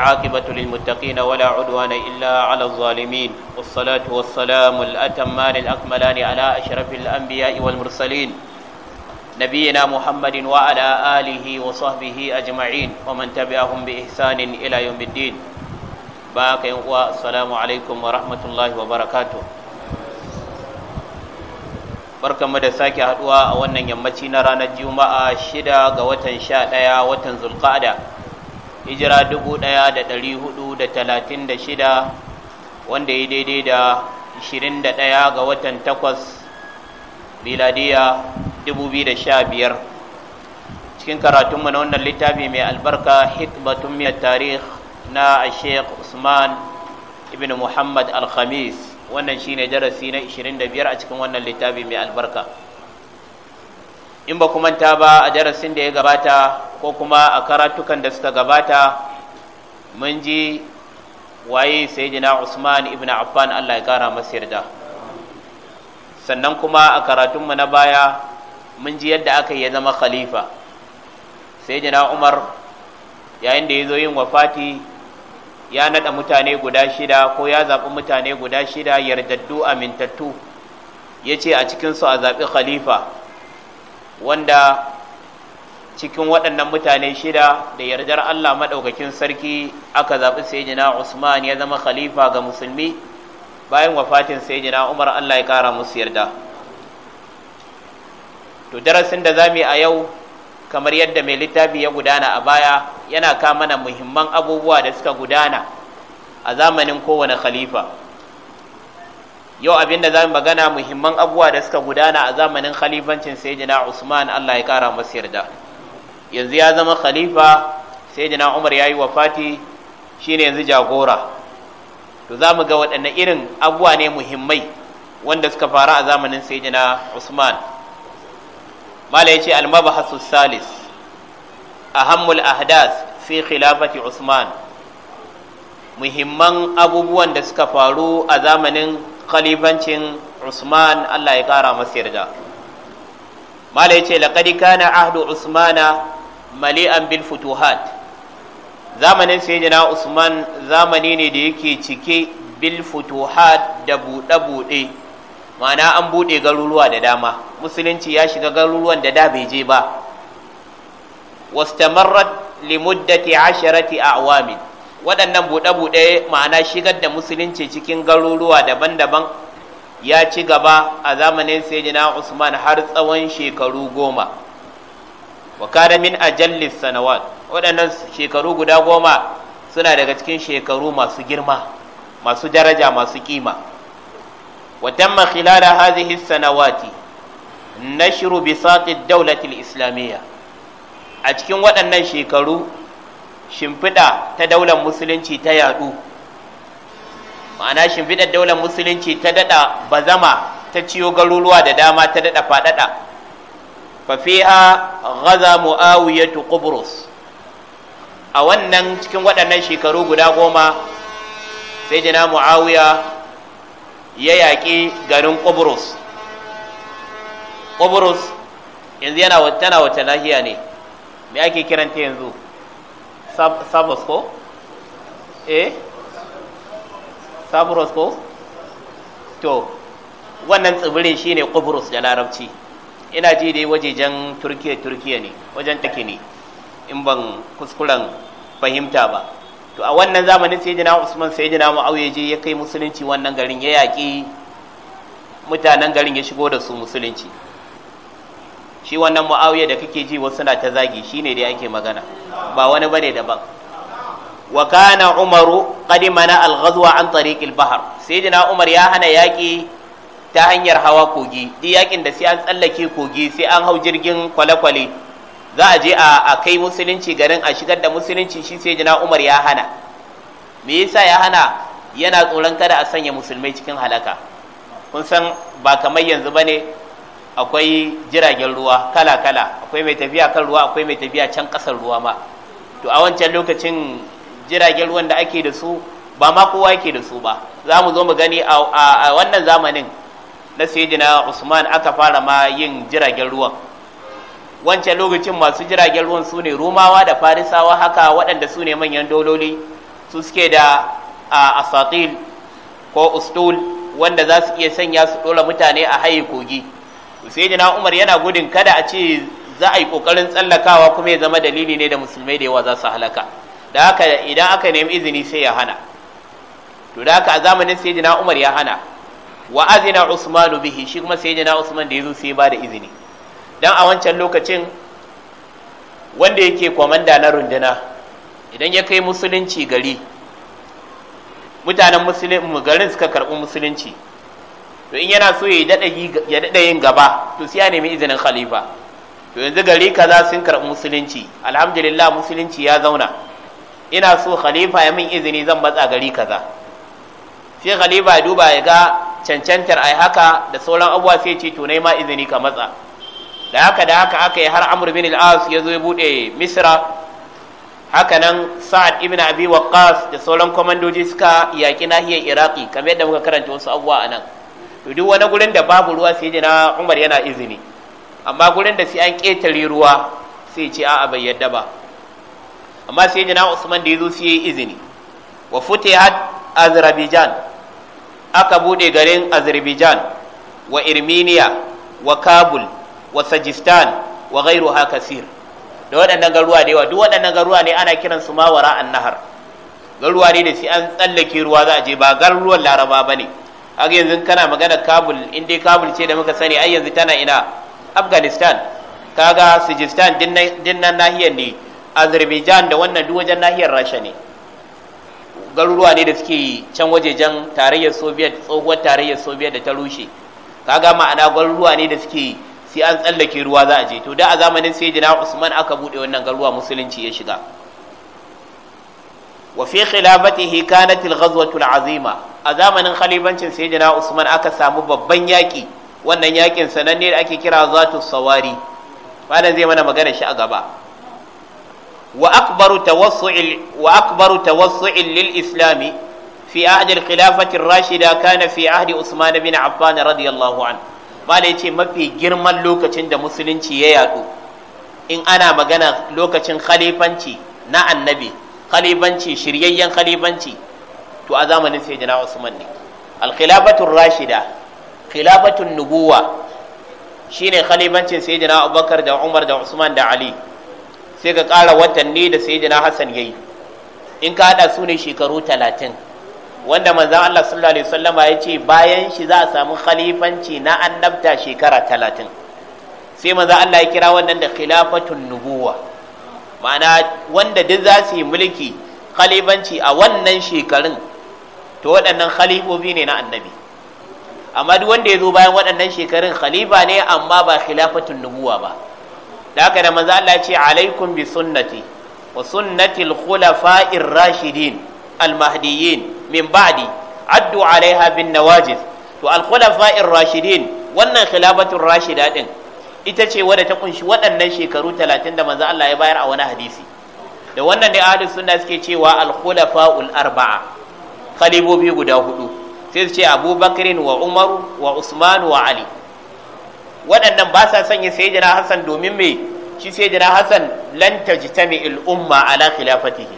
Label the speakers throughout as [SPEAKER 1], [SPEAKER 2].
[SPEAKER 1] والعاقبة للمتقين ولا عدوان إلا على الظالمين والصلاة والسلام الأتمان الأكملان على أشرف الأنبياء والمرسلين نبينا محمد وعلى آله وصحبه أجمعين ومن تبعهم بإحسان إلى يوم الدين باك والسلام عليكم ورحمة الله وبركاته barkanmu da sake haduwa a wannan yammaci na ranar juma'a shida ga watan sha ɗaya watan zulqa'ada hijira shida wanda ya daidai da daya ga watan da miladiya biyar cikin karatunmu na wannan littafi mai albarka hikmatun miyar tarih na sheikh usman ibn muhammad al-khamis wannan shine darasi na biyar a cikin wannan littafi mai albarka in ba kuma ta ba a darasin da ya gabata ko kuma a karatukan da suka gabata mun ji waye sayyidina Usman ibn Affan Allah ya kara masa yarda sannan kuma a karatunmu na baya mun ji yadda aka yi zama khalifa sayyidina Umar yayin da ya zo yin wafati ya nada mutane guda shida ko ya zaɓi mutane guda shida yardaddu amintattu ya ce a cikinsu a zaɓi khalifa wanda cikin waɗannan mutane shida da yardar Allah maɗaukakin sarki aka zaɓi sayyidina Usman ya zama khalifa ga musulmi bayan wafatin sayyidina Umar Allah ya ƙara musu yarda to darasin da zamu yi a yau kamar yadda mai littafi ya gudana a baya yana kama mana muhimman abubuwa da suka gudana a zamanin kowane khalifa yau abinda za mu magana muhimman abubuwa da suka gudana a zamanin khalifancin sayyidina Usman Allah ya kara masa yarda yanzu ya zama khalifa sayyidina Umar yayi wafati shine yanzu jagora to za mu ga waɗanne irin abubuwa ne muhimmai wanda suka faru a zamanin sayyidina Usman mala yace al-mabahasu salis ahammul ahdas fi khilafati Usman muhimman abubuwan da suka faru a zamanin khalifancin Usman Allah ya kara masa yarda mala yace laqad kana ahdu Usmana mali'an bil futuhat zamanin sayyidina Usman zamani ne da yake cike bil futuhat da buɗe buɗe ma'ana an buɗe garuruwa da dama musulunci ya shiga garuruwan da da bai je ba wastamarrat limuddati asharati a'wamin waɗannan buɗe-buɗe ma'ana shigar da musulunci cikin garuruwa daban-daban ya ci gaba a zamanin sayyidina usman har tsawon shekaru goma wa kada min ajallis sanawat waɗannan shekaru guda goma suna daga cikin shekaru masu girma masu daraja masu kima wa tamma khilala hadhihi sanawati na shiru ad-dawlati islamiyya a cikin waɗannan shekaru shimfiɗa ta daular musulunci ta yaɗu, ma'ana shimfiɗar daular musulunci ta daɗa bazama ta ciyo garuruwa da dama ta daɗa faɗaɗa fafiha gaza mu'awiyatu qubrus a wannan cikin waɗannan shekaru guda goma sai jina mu'awiya ya yaƙi garin kubrus. Kubrus yanzu yana wata lahiya ne me ake kiranta yanzu sabos ko eh sabros ko e? to wannan tsibirin shine kubrus da larabci ina ji dai wajejen turkiya turkiya ne wajen take ne in ban kuskuren fahimta ba to a wannan zamanin sai jina usman sai jina ma'auye je ya kai musulunci wannan garin ya yaƙi mutanen garin ya shigo da su musulunci shi wannan mu'awiyar da kake ji wasu na ta zagi shi ne da ake magana ba wani ba ne daban wa kana umaru Kadima na al-ghazwa an tariq al-bahr sayyidina umar ya hana yaki ta hanyar hawa kogi di yakin da sai an tsallake kogi sai an hau jirgin kwale-kwale za a je a kai musulunci garin a shigar da musulunci shi sayyidina umar ya hana me yasa ya hana yana tsoron kada a sanya musulmai cikin halaka kun san ba kamar yanzu bane akwai jiragen ruwa kala-kala akwai mai tafiya kan ruwa akwai mai tafiya can ƙasar ruwa ma to a wancan lokacin jiragen ruwan da ake da su ba ma kowa yake da su ba za mu zo mu gani a wannan zamanin na sayyidina usman aka fara ma yin jiragen ruwan wancan lokacin masu jiragen ruwan su ne rumawa da farisawa haka waɗanda su ne manyan dololi su suke da asatil ko ustul wanda za su iya sanya su ɗora mutane a haye kogi sayyidina Umar yana gudun kada a ce za a yi kokarin tsallakawa kuma ya zama dalili ne da musulmai da yawa za su halaka da haka idan aka nemi izini sai ya hana to da haka a zamanin sayyidina Umar ya hana wa azina Usmanu bihi shi kuma sayyidina Usman da yazo sai ba da izini dan a wancan lokacin wanda yake komanda na runduna idan ya kai musulunci gari mutanen musulmi garin suka karɓi musulunci to in yana so ya daɗa yin gaba to sai ya nemi izinin khalifa to yanzu gari kaza sun karɓi musulunci alhamdulillah musulunci ya zauna ina so khalifa ya min izini zan matsa gari kaza sai khalifa ya duba ya ga cancantar ai haka da sauran abubuwa sai ce to ma izini ka matsa da haka da haka aka yi har amur bin al ya zo ya buɗe misra haka nan sa'ad ibn abi waqqas da sauran komandoji suka yaki nahiyar iraki kamar yadda muka karanta wasu abubuwa a nan to duk wani gurin da babu ruwa sai jina umar yana izini amma gurin da sai an ƙetare ruwa sai ce a'a bai yadda ba amma sai jina usman da ya zo sai ya yi izini wa futihat azerbaijan aka bude garin azerbaijan wa irminiya wa kabul wa sajistan wa gairu kasir da waɗannan garuwa da yawa duk waɗannan garuwa ne ana kiran su mawara annahar, nahar garuwa ne da sai an tsallake ruwa za a je ba garuruwan laraba ba ne kaga yanzu kana magana kabul in kabul ce da muka sani ai yanzu tana ina afghanistan kaga sijistan dinnan nahiyar ne azerbaijan da wannan duk wajen nahiyar rasha ne garuruwa ne da suke can wajejen tarayyar soviet tsohuwar tarayyar soviet da ta rushe kaga ma'ana garuruwa ne da suke sai an tsallake ruwa za a je to da a zamanin sayyidina usman aka bude wannan garuruwa musulunci ya shiga wa fi khilafatihi kanatil ghazwatul azima a zamanin khalifancin sayyidina Usman aka samu babban yaƙi, wannan yaƙin sananne da ake kira zatu sawari malam zai mana magana shi a gaba wa akbaru tawassu'il wa akbaru tawassu'il lil islami fi ahdi al khilafati rashida kana fi ahdi Usman bin Affan radiyallahu an malam yace mafi girman lokacin da musulunci ya yadu in ana magana lokacin khalifanci na annabi khalifanci shiryayyen khalifanci to a zamanin sayyidina usman ne al-khilafatur rashida khilafatun nubuwa shine khalifancin sayyidina abubakar da umar da usman da ali sai ka ƙara watanni da sayyidina hassan yayi in ka haɗa su ne shekaru talatin wanda manzan Allah sallallahu alaihi wasallama ya ce bayan shi za a samu khalifanci na annabta shekara talatin sai manzan Allah ya kira wannan da khilafatun nubuwa ma'ana wanda duk za su yi mulki khalifanci a wannan shekarun to waɗannan khalifofi ne na annabi amma duk wanda ya zo bayan waɗannan shekarun khalifa ne amma ba khilafatun nubuwa ba da haka da manzo Allah ce alaikum bi sunnati wa sunnati al-khulafa'ir rashidin al-mahdiyyin min ba'di addu 'alaiha bin nawajiz to al-khulafa'ir rashidin wannan khilafatur rashida din ita ce wadda ta kunshi waɗannan shekaru talatin da manzo Allah ya bayar a wani hadisi da wannan ne ahlus sunna suke cewa al-khulafa'ul arba'a kalibobi guda hudu sai su ce Abubakar wa umaru wa usmanu wa ali waɗannan ba sa sanya sai jana hassan domin mai shi sai jana hassan lanta jitami al'umma ala khilafatihi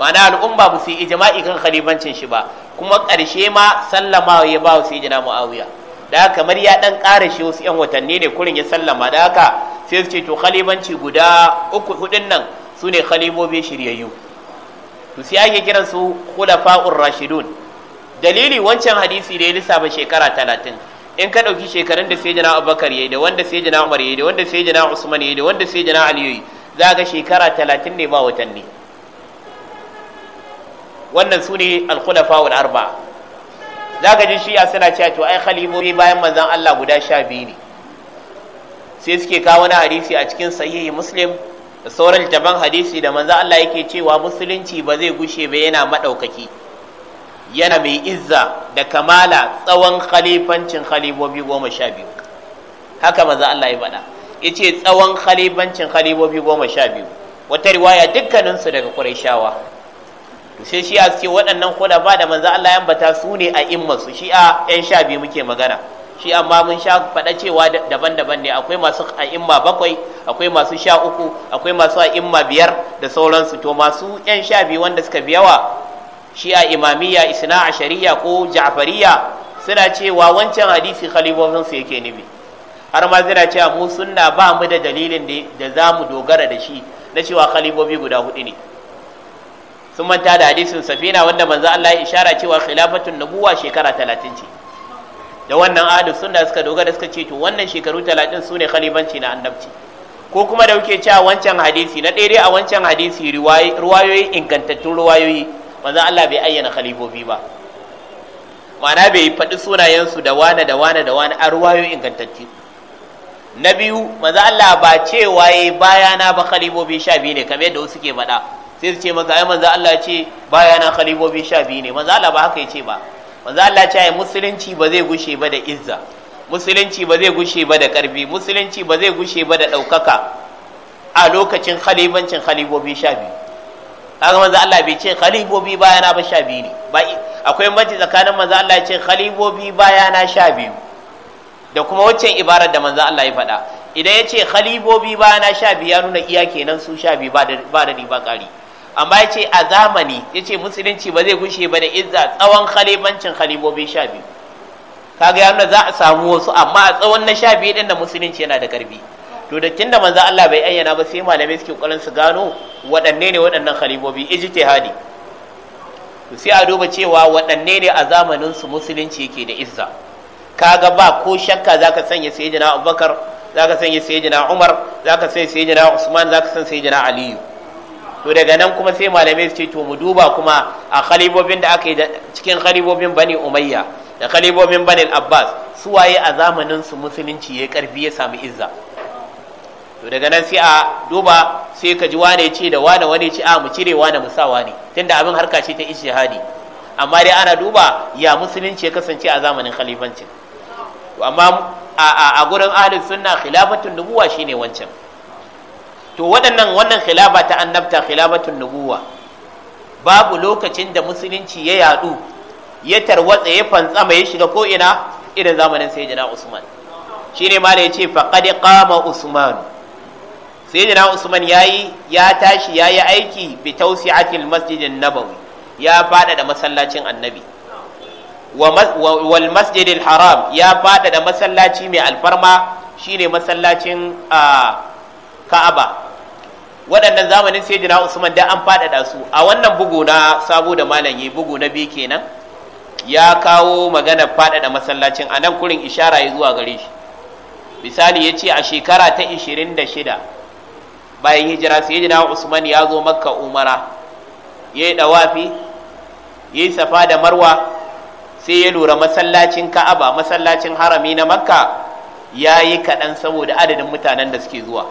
[SPEAKER 1] ma'ana al'umma ba su yi ijma'i kan khalifancin shi ba kuma ƙarshe ma sallama ya ba sai jana muawiya da kamar ya dan ƙara shi wasu yan watanni ne kurin ya sallama da haka sai su ce to khalifanci guda uku hudun nan su ne khalifobi shiryayyu to sai ake kiran su khulafa'ur rashidun dalili wancan hadisi da ya lissafa shekara talatin in ka ɗauki shekarun da sayyidina abubakar yayi da wanda sayyidina umar yayi da wanda sayyidina usman yayi da wanda sayyidina ali yayi za ga shekara talatin ne ba watanni wannan su ne khulafaul arba'a za ka ji shi'a suna cewa to ai khalifofi bayan manzon Allah guda sha biyu ne sai suke kawo wani hadisi a cikin sahihi muslim da sauran taban hadisi da manzo Allah yake cewa musulunci ba zai gushe ba yana maɗaukaki. yana mai izza da kamala tsawon khalifancin khalibobi goma sha biyu haka manzo Allah ya faɗa yace tsawon khalifancin khalibobi goma sha biyu wata riwaya dukkaninsu daga Qurayshawa to sai shi a cikin waɗannan ba da manzo Allah ya ambata su ne a imma su shi'a yan sha biyu muke magana shi amma mun sha faɗa cewa daban-daban ne akwai masu a'imma bakwai akwai masu sha uku akwai masu a'imma biyar da sauransu to masu yan sha biyu wanda suka fi yawa a imamiyya isna ashariya ko ja'fariya suna cewa wancan hadisi khalifofin su yake nufi har ma suna cewa mu sunna ba mu da dalilin da za mu dogara da shi na cewa khalifofi guda hudu ne sun manta da hadisin safina wanda manzo Allah ya ishara cewa khilafatun nabuwa shekara talatin ce da wannan ahlus sunna suka dogara suka ce to wannan shekaru 30 sune khalifanci na annabci ko kuma da kuke cewa wancan hadisi na daidai a wancan hadisi ruwayoyi ingantattun ruwayoyi manzon Allah bai ayyana khalifofi ba ma'ana bai faɗi su da wane da wane da wani a ruwayoyi ingantattu na biyu manzon Allah ba ce waye bayana ba khalifofi sha biyu ne kamar yadda wasu ke faɗa sai su ce maza ai manzo Allah ce bayana khalifofi sha biyu ne manzo Allah ba haka ya ce ba manzo Allah ce musulunci ba zai gushe ba da izza musulunci ba zai gushe ba da karbi musulunci ba zai gushe ba da ɗaukaka a lokacin khalibancin khalibobi sha biyu kaga manzo Allah bai ce khalibobi na ba sha biyu ne akwai banci tsakanin manzo Allah ya ce khalibobi na sha biyu da kuma waccan ibarar da manzo Allah ya faɗa idan ya ce khalibobi na sha biyu ya nuna iya kenan su sha biyu ba da ba ƙari amma ya ce a zamani ya ce musulunci ba zai gushe ba da izza tsawon halibancin khalifofin sha biyu ka ga yana za a samu wasu amma a tsawon na sha biyu din da musulunci yana da karbi to da tunda manzo Allah bai ayyana ba sai malamai suke kokarin su gano waɗanne ne waɗannan khalifofi ijtihadi to sai a duba cewa waɗanne ne a zamanin su musulunci yake da izza kaga ba ko shakka zaka sanya sayyidina Abubakar zaka sanya sayyidina Umar zaka sanya sayyidina Usman zaka sanya sayyidina Aliyu to daga nan kuma sai malamai su ce to mu duba kuma a khalibobin da aka yi cikin khalibobin bani umayya da khalibobin bani abbas su waye a zamanin su musulunci ya karfi ya samu izza to daga nan sai a duba sai ka ji wane ce da wane wane ce a mu cire wane mu sa wane tunda abin harka ce ta ijtihadi amma dai ana duba ya musulunci ya kasance a zamanin khalifancin amma a gurin ahlus sunna khilafatun nubuwa shine wancan to waɗannan wannan khilafa ta annabta khilafatun nubuwa babu lokacin da musulunci ya yadu ya tarwatsa ya fantsama ya shiga ko ina irin zamanin sayyidina usman shine ma da yace faqad qama usman sayyidina usman yayi ya tashi yayi aiki bi tawsi'atil masjidin nabawi ya fada da masallacin annabi wal masjidil haram ya fada da masallaci mai alfarma shine masallacin a ah, ka'aba waɗannan zamanin sai jina usman da an faɗaɗa su a wannan bugu na sabo da malami bugu na biyu kenan ya kawo magana faɗaɗa masallacin a nan kurin ishara ya zuwa gare shi misali ya ce a shekara ta 26 bayan hijira sai jina usman ya zo makka umara ya yi ɗawafi ya yi safa da marwa sai ya lura masallacin ka'aba masallacin harami na makka ya yi kaɗan saboda adadin mutanen da suke zuwa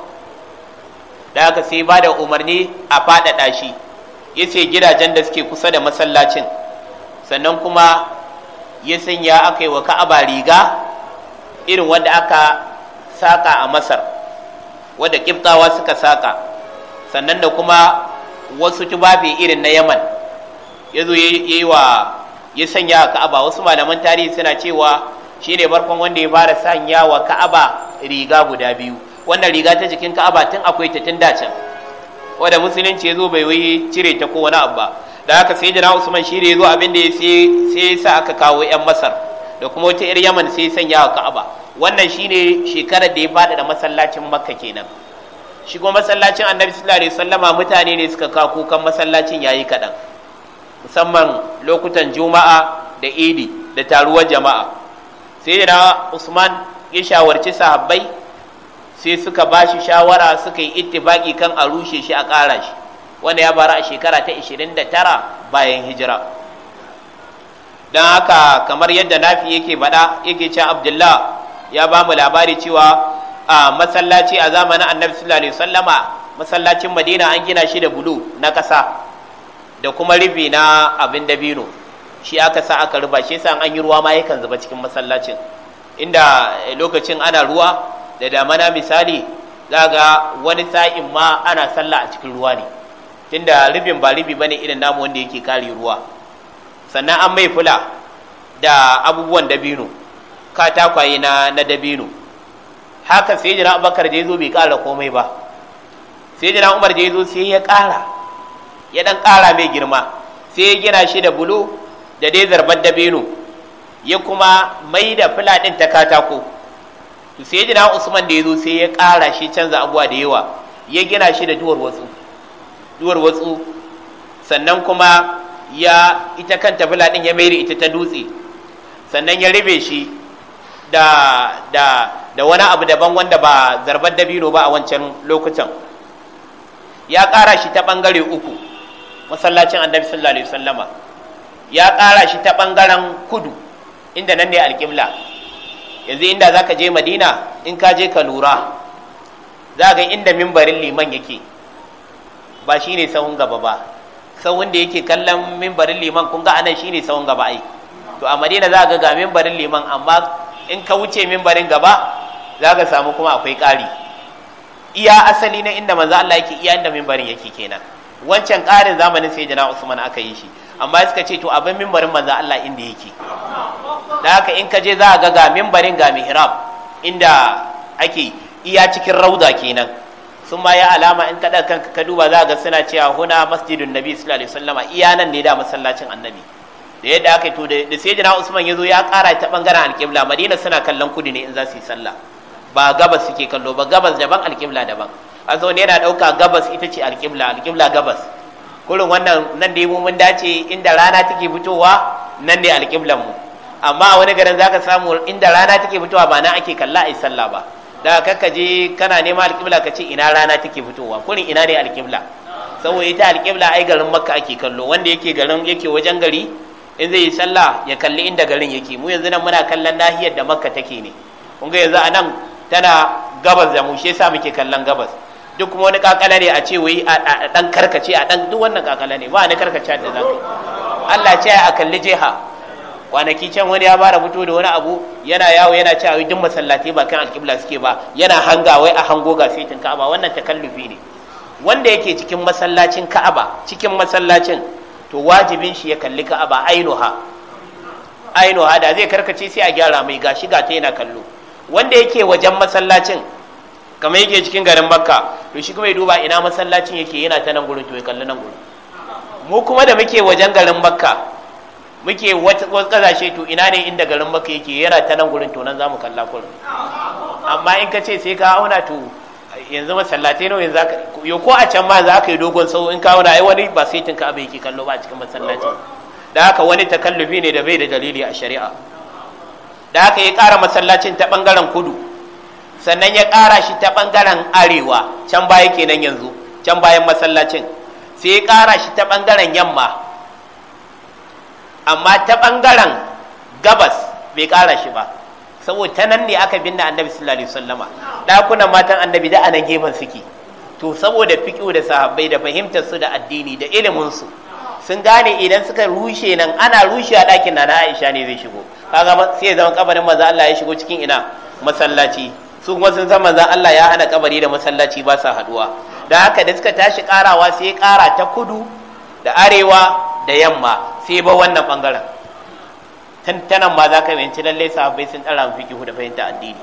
[SPEAKER 1] da aka sai ba da umarni a faɗaɗa shi ya ce gidajen da suke kusa da masallacin sannan kuma ya sanya aka yi wa ka'aba riga irin wanda aka saka a masar wadda kiftawa suka saka sannan da kuma wasu tubafi irin na yaman ya zo ya yi wa ya sanya wa ka'aba wasu malaman tarihi suna cewa shi ne farkon wanda ya fara sanya wa ka'aba riga guda biyu wannan riga ta jikin ka'aba tun akwai ta tun da can wanda musulunci ya zo bai wai cire ta ko wani abu ba da haka sai jana usman shi ne ya zo abin da ya sai sa aka kawo yan masar da kuma wata yar yaman sai sanya wa ka'aba wannan shi ne shekarar da ya faɗi da masallacin makka kenan shigo masallacin annabi sallallahu alaihi wasallama mutane ne suka kawo kukan masallacin yayi kaɗan musamman lokutan juma'a da idi da taruwar jama'a sai da usman ya shawarci sahabbai sai suka ba shi shawara suka yi ittifaki kan a rushe shi a ƙara shi wanda ya bara a shekara ta 29 bayan hijira don haka kamar yadda nafi yake bada yake can abdullah ya ba mu labari cewa a masallaci a zamanin annabi sallallahu alaihi wasallama masallacin madina an gina shi da bulu na ƙasa da kuma rufi na abin dabino shi aka sa aka rufa shi yasa an yi ruwa ma yakan zuba cikin masallacin inda lokacin ana ruwa da damana misali za ga wani sa'in ma ana sallah a cikin ruwa ne tunda ribin ba ribi bane irin namu wanda yake kare ruwa sannan an mai fula da abubuwan dabino katakwaye na na dabino haka sai jira abubakar da ya zo bai kara komai ba sai jira umar da ya zo sai ya kara ya dan kara mai girma sai ya gina shi da bulu da dai zarban dabino ya kuma mai da fula din ta katako to sai jina usman da ya zo sai ya ƙara shi canza abuwa da yawa ya gina shi da duwar watsu duwar watsu sannan kuma ya ita kanta fila ɗin ya mairi ita ta dutse sannan ya rube shi da da da wani abu daban wanda ba zarbar dabino ba a wancan lokutan ya ƙara shi ta ɓangare uku masallacin annabi sallallahu alaihi wasallama ya ƙara shi ta ɓangaren kudu inda nan ne alƙibla yanzu inda za ka je madina in ka je ka lura za ga inda mimbarin liman yake ba shi ne sahun gaba ba sahun da yake kallon mimbarin liman kun ga anan shi ne sahun gaba ai to a madina za ga ga mimbarin liman amma in ka wuce mimbarin gaba za ka samu kuma akwai ƙari iya asali na inda manzo Allah yake iya inda mimbarin yake kenan wancan ƙarin zamanin sai jana Usman aka yi shi amma suka ce to abin mimbarin manzo Allah inda yake da haka in ka je za a ga ga mimbarin ga mihrab inda ake iya cikin rauda kenan sun ma ya alama in kaɗa kanka ka duba za ga suna cewa huna masjidun nabi sallallahu alaihi wasallam iya nan ne da masallacin annabi da yadda aka to da sai usman ya zo ya ƙara ta bangaren alƙibla madina suna kallon kudu ne in za su yi sallah ba gabas suke kallo ba gabas daban alƙibla daban A zo ne yana ɗauka gabas ita ce alƙibla alƙibla gabas kurin wannan nan da yi mun dace inda rana take fitowa nan ne alƙiblan mu amma wani garin zaka samu inda rana take fitowa ba na ake kalla a sallah ba da kakka je kana nema alƙibla ka ce ina rana take fitowa kurin ina ne alƙibla saboda ita alƙibla ai garin makka ake kallo wanda yake garin yake wajen gari in zai yi sallah ya kalli inda garin yake mu yanzu nan muna kallon nahiyar da makka take ne kun ga yanzu anan tana gabas da mu shi yasa muke kallon gabas duk kuma wani kakala ne a ce wai a dan karkace a dan duk wannan kakala ne ba ni karkace da zaka Allah ce a kalli jiha kwanaki can wani ya bara fito da wani abu yana yawo yana cewa duk masallati ba kan alƙibla suke ba yana hanga wai a hango ga saitin ka'aba wannan takallufi ne wanda yake cikin masallacin ka'aba cikin masallacin to wajibin shi ya kalli ka'aba ainuha ainuha da zai karkace sai a gyara mai gashi ga ta yana kallo wanda yake wajen masallacin kamar yake cikin garin makka to shi kuma ya duba ina masallacin yake yana ta nan gurin to ya kalli nan gurin mu kuma da muke wajen garin makka muke wasu kasashe to ina ne inda garin maka yake yana ta nan gurin tonan za mu kalla kullum amma in ka ce sai ka auna to yanzu masallatai nawa yanzu ka ko a can ma za ka yi dogon sau in ka auna ai wani ba sai ka abin yake kallo ba a cikin masallaci da haka wani takallufi ne da bai da dalili a shari'a da haka ya ƙara masallacin ta ɓangaren kudu sannan ya ƙara shi ta ɓangaren arewa can baya nan yanzu can bayan masallacin sai ya ƙara shi ta ɓangaren yamma amma ta ɓangaren gabas bai ƙara shi ba saboda ta nan ne aka binne annabi sallallahu alaihi wasallama ɗakunan matan annabi da anan gefen suke to saboda fiƙo da sahabbai da fahimtar su da addini da ilimin su sun gane idan suka rushe nan ana rushe a ɗakin na Aisha ne zai shigo kaga sai ya zama kabarin manzo Allah ya shigo cikin ina masallaci su kuma sun san manzo Allah ya hana kabari da masallaci ba sa haduwa dan haka da suka tashi karawa sai ya kara ta kudu da arewa da yamma sai ba wannan bangaren tantanan ma za ka yanci lallai sahabbai sun tsara fikihu da fahimta addini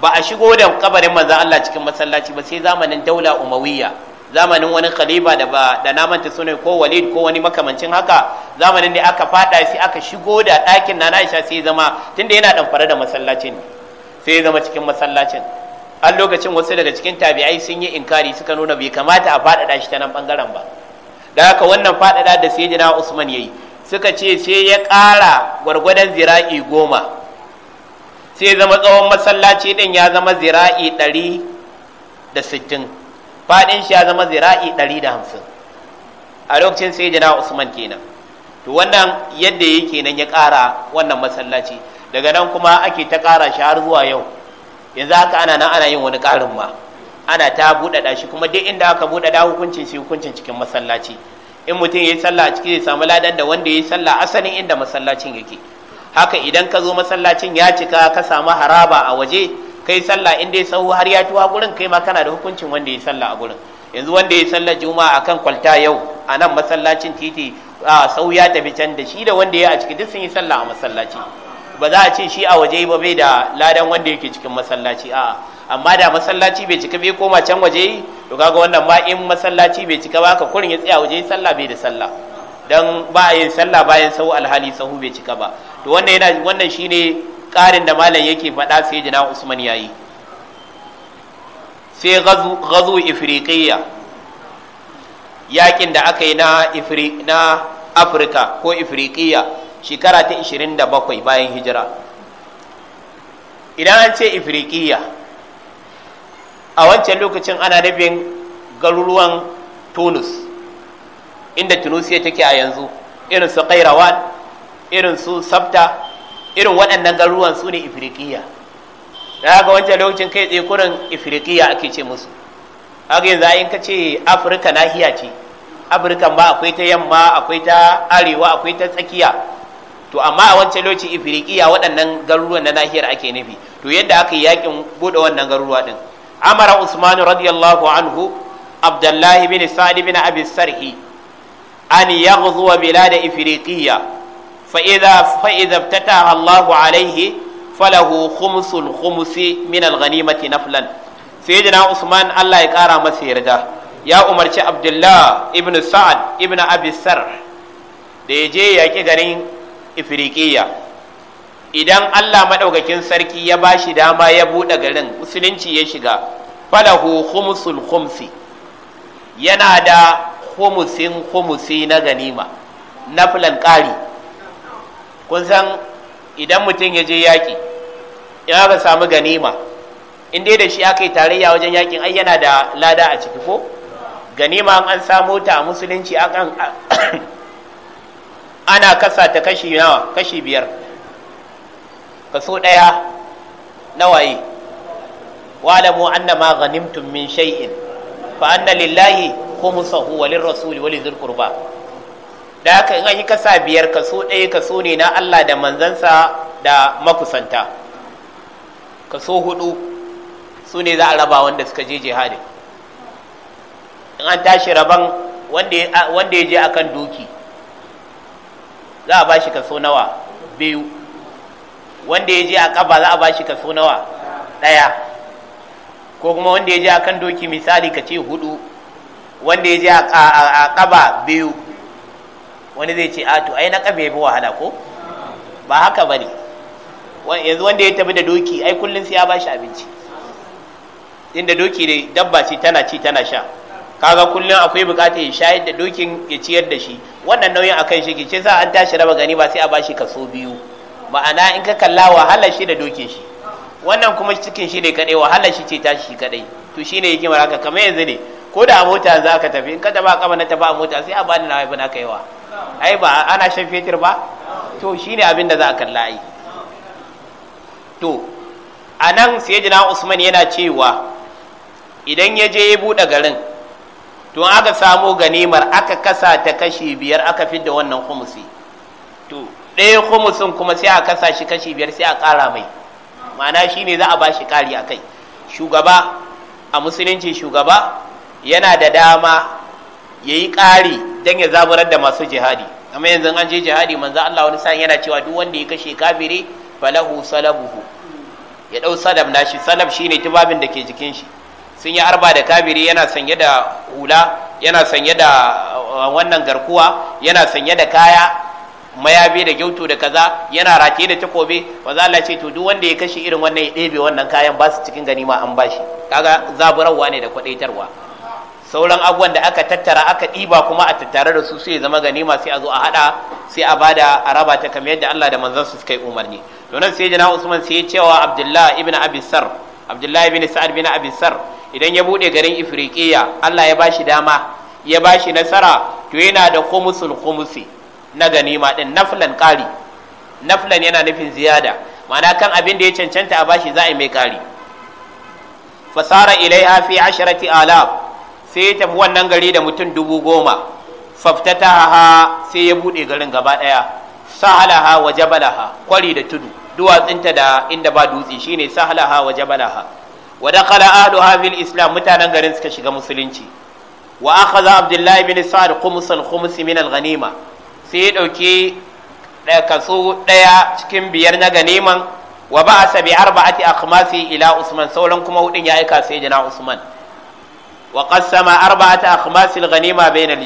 [SPEAKER 1] ba a shigo da kabarin manzo Allah cikin masallaci ba sai zamanin daula umawiyya zamanin wani khalifa da ba da namanta sunai ko walid ko wani makamancin haka zamanin da aka fada sai aka shigo da dakin na Aisha sai zama tunda yana fara da masallacin sai zama cikin masallacin a lokacin wasu daga cikin tabi'ai sun yi inkari suka nuna bai kamata a faɗaɗa shi ta nan bangaren ba da haka wannan faɗaɗa da sai jina Usman yi suka ce sai ya ƙara gwargwadon zira'i goma sai zama tsawon masallaci ɗin ya zama zira'i ɗari da sittin faɗin shi ya zama zira'i ɗari da hamsin a lokacin sai jina usman kenan to wannan yadda ya kenan ya ƙara wannan masallaci daga nan kuma ake ta ƙara shi har zuwa yau yanzu haka ana nan ana yin wani ƙarin ma ana ta buɗaɗa shi kuma duk inda aka buɗaɗa hukuncin shi hukuncin cikin masallaci in mutum ya yi sallah a ciki zai samu ladan da wanda ya yi sallah asalin inda masallacin yake haka idan ka zo masallacin ya cika ka samu haraba a waje kai sallah in dai sahu har ya tuwa gurin kai ma kana da hukuncin wanda ya sallah a gurin yanzu wanda ya sallah juma'a akan kwalta yau a nan masallacin titi a sahu ya tafi can da shi da wanda ya a ciki duk sun yi sallah a masallaci ba za a ce shi a waje ba bai da ladan wanda yake cikin masallaci a'a amma da masallaci bai cika bai koma can waje yi to kaga wannan ma in masallaci bai cika ba ka kurin ya tsaya waje yi sallah bai da sallah dan ba a yin sallah bayan sahu alhali sahu bai cika ba to wannan yana wannan shine karin da malam yake faɗa sai jina Usman yayi sai gazu gazu yaƙin yakin da aka yi na na Afirka ko ifriqiya shekara ta 27 bayan hijira idan an ce ifriqiya a wancan lokacin ana nufin garuruwan tunus inda tunisiya take a yanzu irin su kairawan irin su sabta irin waɗannan garuruwan su ne ifirikiya da haka wancan lokacin kai tsaye kurin ifirikiya ake ce musu haka yanzu ayin ka ce afirka nahiya ce afirka ba akwai ta yamma akwai ta arewa akwai ta tsakiya to amma a wancan lokacin ifirikiya waɗannan garuruwan na nahiyar ake nufi to yadda aka yi yakin buɗe wannan garuruwa ɗin amara usman radiyallahu anhu abdullahi bin sa'd bin abi sarhi an yaghzuwa bilad ifriqiya fa idha fa idha iftataha allah alayhi falahu khumsul khumsi min al-ghanimati naflan sayyidina usman allah ya kara masa yarda ya umarci abdullah ibn sa'ad ibn Abisar sarh da ya je yaƙi garin ifriqiya idan Allah maɗaukakin sarki ya ba shi dama ya buɗe garin musulunci ya shiga falahu khumsul khumsi yana da humusin khumusi na ganima na filan ƙari kun san idan mutum ya je yaƙi ya ka samu ganima in dai da shi aka yi tarayya wajen yaƙin ai yana da lada a ciki ko ganima an samo ta a musulunci akan ana kasa ta kashi nawa kashi biyar kaso ɗaya na waye wa'lamu anna ma ghanimtum min shay'in fa anna lillahi khumsahu wa lirrasuli wa lidhil qurba da haka in an yi kasa biyar kaso ɗaya kaso ne na Allah da manzansa da makusanta kaso hudu su ne za a raba wanda suka je jihadin in an tashi raban wanda ya je akan doki za a ba shi kaso nawa biyu wanda ya je a ƙafa za a ba shi kaso nawa ɗaya ko kuma wanda ya je a kan doki misali ka ce hudu wanda ya je a ƙafa biyu wani zai ce ato ai na ƙafa ya fi wahala ko ba haka ba ne yanzu wanda ya tafi da doki ai kullum sai ya ba shi abinci inda doki dai, dabba ce tana ci tana sha kaga kullum akwai bukatar ya shayar da dokin ya ciyar da shi wannan nauyin akan shi ke ce sa an tashi raba gani ba sai a bashi kaso biyu ma'ana in ka kalla wahalar shi da doke shi wannan kuma cikin shi ne kadai wahalar shi ce tashi shi kadai to shi ne hikimar haka kamar yanzu ne ko da a mota za ka tafi in ka taba kama na tafi a mota sai a bani na haifi na kaiwa ai ba ana shan fetur ba to ne abin da za a kalla ai to a nan sai usman yana cewa idan ya je ya buɗe garin to aka samo ganimar aka kasa ta kashi biyar aka fidda wannan kumusi to ɗaya humusin kuma sai a kasa shi kashi biyar sai a ƙara mai ma'ana shi ne za a ba shi ƙari a kai shugaba a musulunci shugaba yana da dama ya yi ƙari don ya zaburar da masu jihadi amma yanzu an je jihadi manzo Allah wani sa'in yana cewa duk wanda ya kashe kafiri falahu salabuhu ya ɗau salab nashi salab shine tubabin da ke jikin shi sun yi arba da kafiri yana sanye da hula yana sanye da uh, wannan garkuwa yana sanye da kaya mayabe da gyauto da kaza yana rataye da takobe manzo Allah ce to duk wanda ya kashe irin wannan ya ɗebe wannan kayan ba su cikin ganima an bashi kaga zaburarwa ne da kwadaitarwa sauran abubuwan da aka tattara aka ɗiba kuma a tattare da su sai ya zama ganima sai a zo a haɗa sai a bada a raba ta kamar yadda Allah da manzon su suka yi umarni to nan sai jana Usman sai ya cewa Abdullah ibn Abi Sar Abdullah ibn Sa'ad bin Abi Sar idan ya bude garin Ifriqiya Allah ya bashi dama ya bashi nasara to yana da khumusul khumusi na ganima din naflan ƙari naflan yana nufin ziyada ma'ana kan abin da ya cancanta a bashi za a yi mai ƙari fasara ilaiha fi asharati alaf sai ya tafi wannan gari da mutum dubu goma ha sai ya buɗe garin gaba ɗaya sahalaha wa jabalaha kwari da tudu duwatsinta da inda ba dutse shine sahalaha wa jabalaha wa dakhala ahluha fil islam mutanen garin suka shiga musulunci wa akhadha abdullahi bin sa'd khumus al khumus min al ghanima sai ya ɗauki kaso ɗaya cikin biyar na ganiman wa ba a sabi arba'ati akhmasi ila usman sauran kuma hudun ya aika sai jina usman wa qassama arba'ata a al ganima bayna al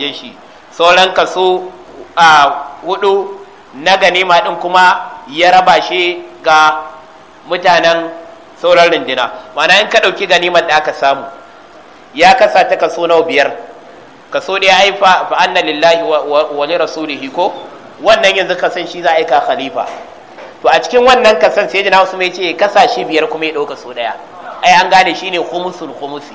[SPEAKER 1] sauran kaso a hudu na ganima ɗin kuma ya raba shi ga mutanen sauran rundina mana in ka ɗauki ganimar da aka samu ya kasa ta kaso nawa biyar so dai ai fa fa anna lillahi wa li rasulihi ko wannan yanzu ka san shi za a ka khalifa to a cikin wannan kasan sai jina Usman yace kasashe biyar kuma ya dauka so daya ai an gane shine khumusul khumusi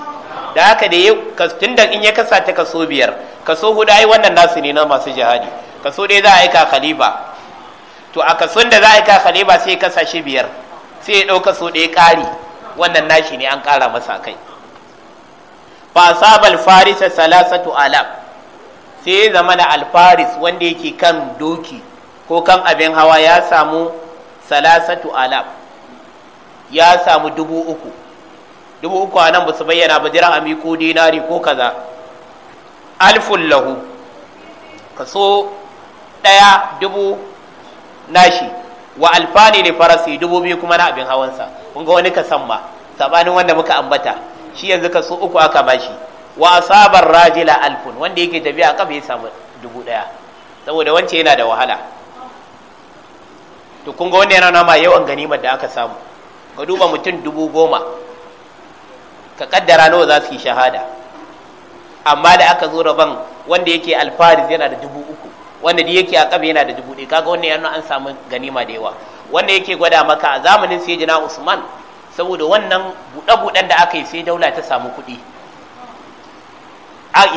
[SPEAKER 1] da haka da ya tunda in ya kasa ta kaso biyar kaso hudu ai wannan nasu ne na masu jihadi kaso dai za a ka khalifa to a kason da za a ka khalifa sai ya kasa shi biyar sai ya dauka so daya kari wannan nashi ne an kara masa kai fasabal farisa salasatu alaf sai zama na alfaris wanda yake kan doki ko kan abin hawa ya samu salasatu alaf ya samu dubu uku dubu uku a nan ba su bayyana ba dirhami ko dinari ko kaza alfun lahu kaso ɗaya dubu nashi wa alfani ne farasi dubu biyu kuma na abin hawansa kun ga wani kasan ma tsabanin wanda muka ambata shi yanzu kaso uku aka bashi wa asabar rajila alfun wanda yake tafiya a kafa ya samu dubu daya saboda wance yana da wahala to kun ga wanda yana nama yawan ganimar da aka samu ka duba mutum dubu goma ka kaddara nawa za su yi shahada amma da aka zo rabon wanda yake alfaris yana da dubu uku wanda da yake a kafa yana da dubu ɗaya kaga wannan yana an samu ganima da yawa wanda yake gwada maka a zamanin sayyidina usman saboda wannan buɗe-buɗen da aka yi sai daula ta samu kuɗi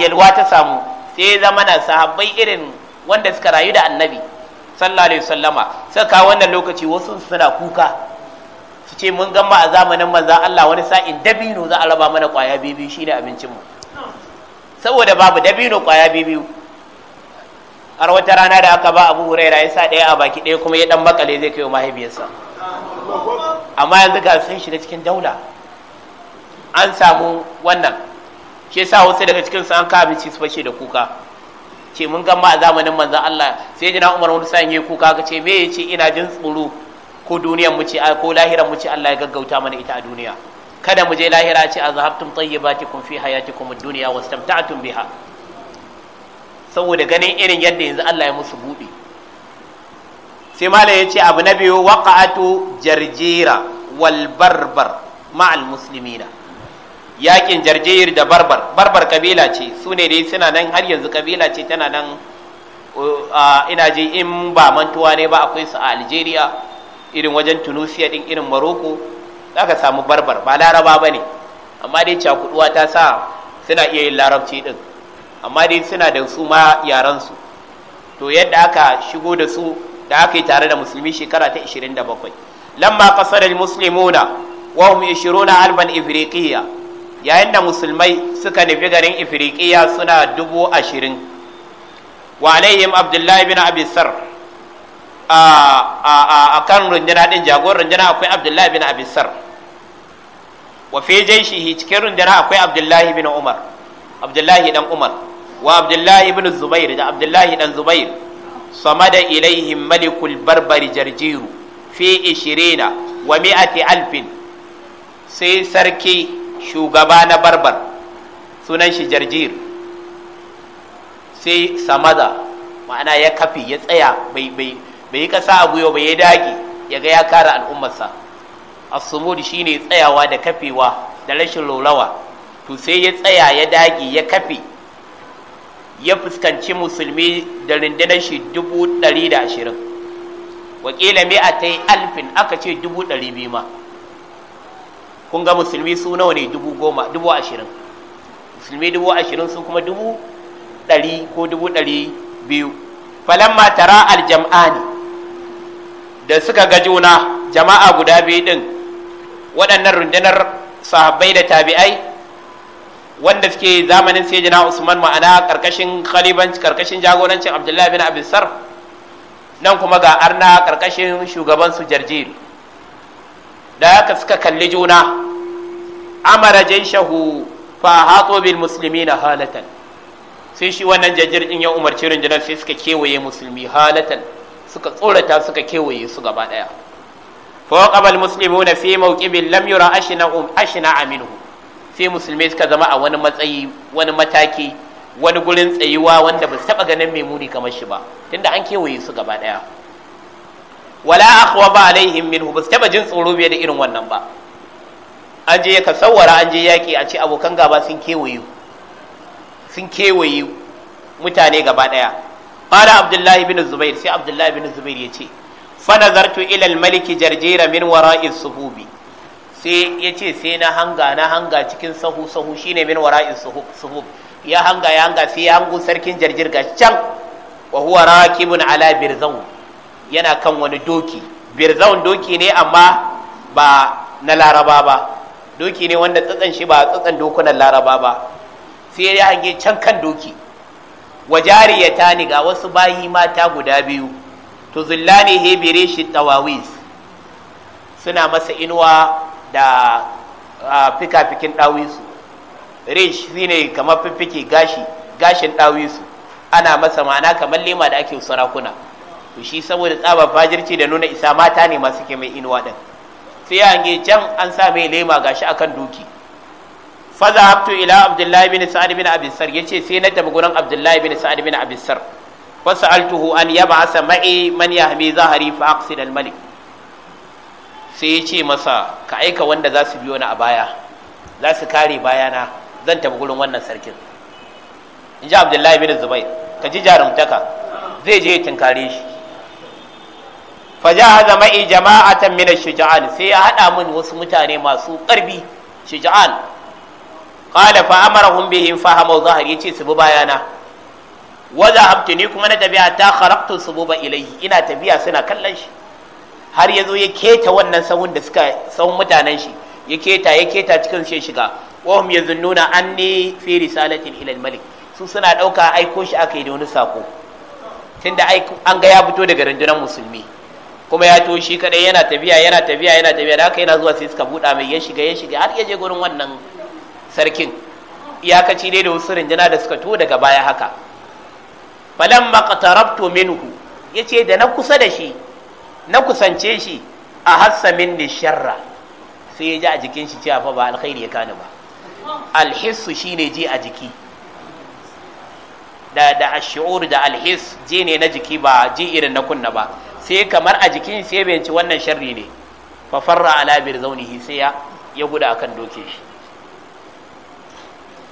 [SPEAKER 1] yalwa ta samu sai zama na sahabbai irin wanda suka rayu da annabi sallallahu alaihi wasallama sai ka wannan lokaci wasu suna kuka su ce mun gama a zamanin manzan Allah wani sa'in dabino za a raba mana kwaya bibi shine abincin mu saboda babu dabino kwaya bibi har wata rana da aka ba Abu Huraira ya sa ɗaya a baki ɗaya kuma ya dan makale zai kai mahaifiyarsa amma yanzu ga sun shiga cikin daula an samu wannan shi sa wasu daga cikin su an su fashe da kuka ce mun gama a zamanin manzan Allah sai jina Umar wani sa'in yi kuka ka ce me ce ina jin tsoro ko duniyar mu ce ko lahirar mu Allah ya gaggauta mana ita a duniya kada mu je lahira ce a azhabtum tayyibatikum fi hayatikum ad-dunya wastamta'tum biha saboda ganin irin yadda yanzu Allah ya musu buɗe sai malam ya ce abu na biyu waqa'atu jarjira wal barbar ma'al muslimina yakin jarjir da barbar barbar kabila ce su ne dai suna nan har yanzu kabila ce tana nan uh, ina ji in ba mantuwa ne ba akwai su a algeria irin wajen tunisia din irin maroko za ka samu barbar ba laraba ba ne amma dai cakuduwa ta sa suna iya yin larabci din amma dai suna da su ma yaransu to yadda aka shigo da su da aka yi tare da musulmi shekara ta 27 lamma qasara almuslimuna wa hum 20 alban ifriqiya yayin da musulmai suka nufi garin ifriqiya suna dubu ashirin wa alaihim abdullahi bin abi sar a kan rundunar din jagoran rundunar akwai abdullahi bin abi sar wa fi jaishihi cikin rundunar akwai abdullahi bin umar abdullahi dan umar wa abdullahi bin zubair da abdullahi dan zubair samada ilaihim malikul barbar jarjiru fi ishirina wa mi'ati alfin sai sarki shugaba na barbar sunan shi jarjir sai samada ma'ana ya kafi ya tsaya bai yi kasa a gwiwa bai ya dage ya ga ya kare al'ummarsa asumud shine tsayawa da kafewa da rashin lolawa to sai ya tsaya ya dage ya kafe ya fuskanci musulmi da rundunar shi dubu ɗari da ashirin wakila mai a ta yi alfin aka ce dubu ɗari biyu ma kun ga musulmi su nawa ne dubu goma dubu ashirin musulmi dubu ashirin su kuma dubu ɗari ko dubu ɗari biyu falamma tara aljam'ani da suka ga juna jama'a guda biyu ɗin waɗannan rundunar sahabbai da tabi'ai wanda suke zamanin sai sayyidina Usman ma'ana karkashin khalibanci karkashin jagorancin Abdullahi bin Abi Sarf nan kuma ga arna karkashin shugaban su Jarjir da haka suka kalli juna amara jayshahu fa hatu bil muslimina halatan sai shi wannan jajjir din ya umarci rundunar sai suka kewaye musulmi halatan suka tsorata suka kewaye su gaba daya fa qabal muslimuna fi mawqibin lam yura ashna um, ashna aminuhu sai musulmai suka zama a wani matsayi wani mataki wani gurin tsayuwa wanda ba su taɓa ganin mai muni kamar shi ba tunda an kewaye su gaba ɗaya wala akwa ba alaihim minhu ba su taɓa jin tsoro biye da irin wannan ba an je ya kasawara an je yaƙi a ce abokan gaba sun kewaye sun kewaye mutane gaba ɗaya qala abdullahi bin zubair sai abdullahi bin zubair ya ce fa nazartu ila al-malik jarjira min wara'i suhubi sai ya ce sai na hanga na hanga cikin sahu sahu shine min wara'in sahu ya hanga ya hanga sai ya hango sarkin jirgin ga can wa huwa rakibun ala birzaun yana kan wani doki birzaun doki ne amma ba na laraba ba doki ne wanda tsatsan shi ba tsatsan dokunan laraba ba sai ya hange can kan doki wa ya ni ga wasu bayi mata guda biyu to zullani hebere tawawis suna masa inuwa da fika-fikin ɗawisu rish ne kamar fiffike gashi gashin ɗawisu ana masa ma'ana kamar lema da ake sarakuna to shi saboda tsaba fajirci da nuna isa mata ne masu ke mai inuwa ɗin sai ya hange can an sa mai lema gashi akan doki faza haftu ila abdullahi bin sa'ad bin abisar yace sai na tafi gurin abdullahi bin sa'ad bin abisar fasaltuhu an yab'asa ma'i man yahmi zahari fa aqsid al-malik sai ya ce masa ka aika wanda za su biyo ni a baya za su kare bayana zan tafi gurin wannan sarkin in ji abdullahi bin zubai ka ji jarumtaka zai je ya tinkare shi faja haza ma'i jama'atan min shuja'an sai ya haɗa min wasu mutane masu ƙarfi shuja'an qala fa amarahum bihim fahamu ya yace su bi bayana wa zahabtu ni kuma na tabi'a ta kharaqtu sububa ilayhi ina tabiya suna kallon shi har ya zo ya keta wannan sahun da suka sahun mutanen shi ya keta ya keta cikin shi shiga wa hum yazunnuna anni fi risalatin ilal malik su suna dauka aiko shi aka yi da wani sako tunda an ga ya fito daga rundunar musulmi kuma ya to shi kadai yana tafiya yana tafiya yana tafiya da haka yana zuwa sai suka buɗa mai ya shiga ya shiga har ya je gurin wannan sarkin iyakaci dai da wasu rundunar da suka to daga baya haka falamma qatarabtu minhu yace da na kusa da shi na kusance shi a hassamin ni sharra sai ya ji a jikin shi cewa fa ba alkhairi ya kani ba alhissu shine ji a jiki da da ashuur da alhiss ji ne na jiki ba ji irin na kunna ba sai kamar a jikin sai bayanci wannan sharri ne fa farra ala zaunihi sai ya ya guda akan doke shi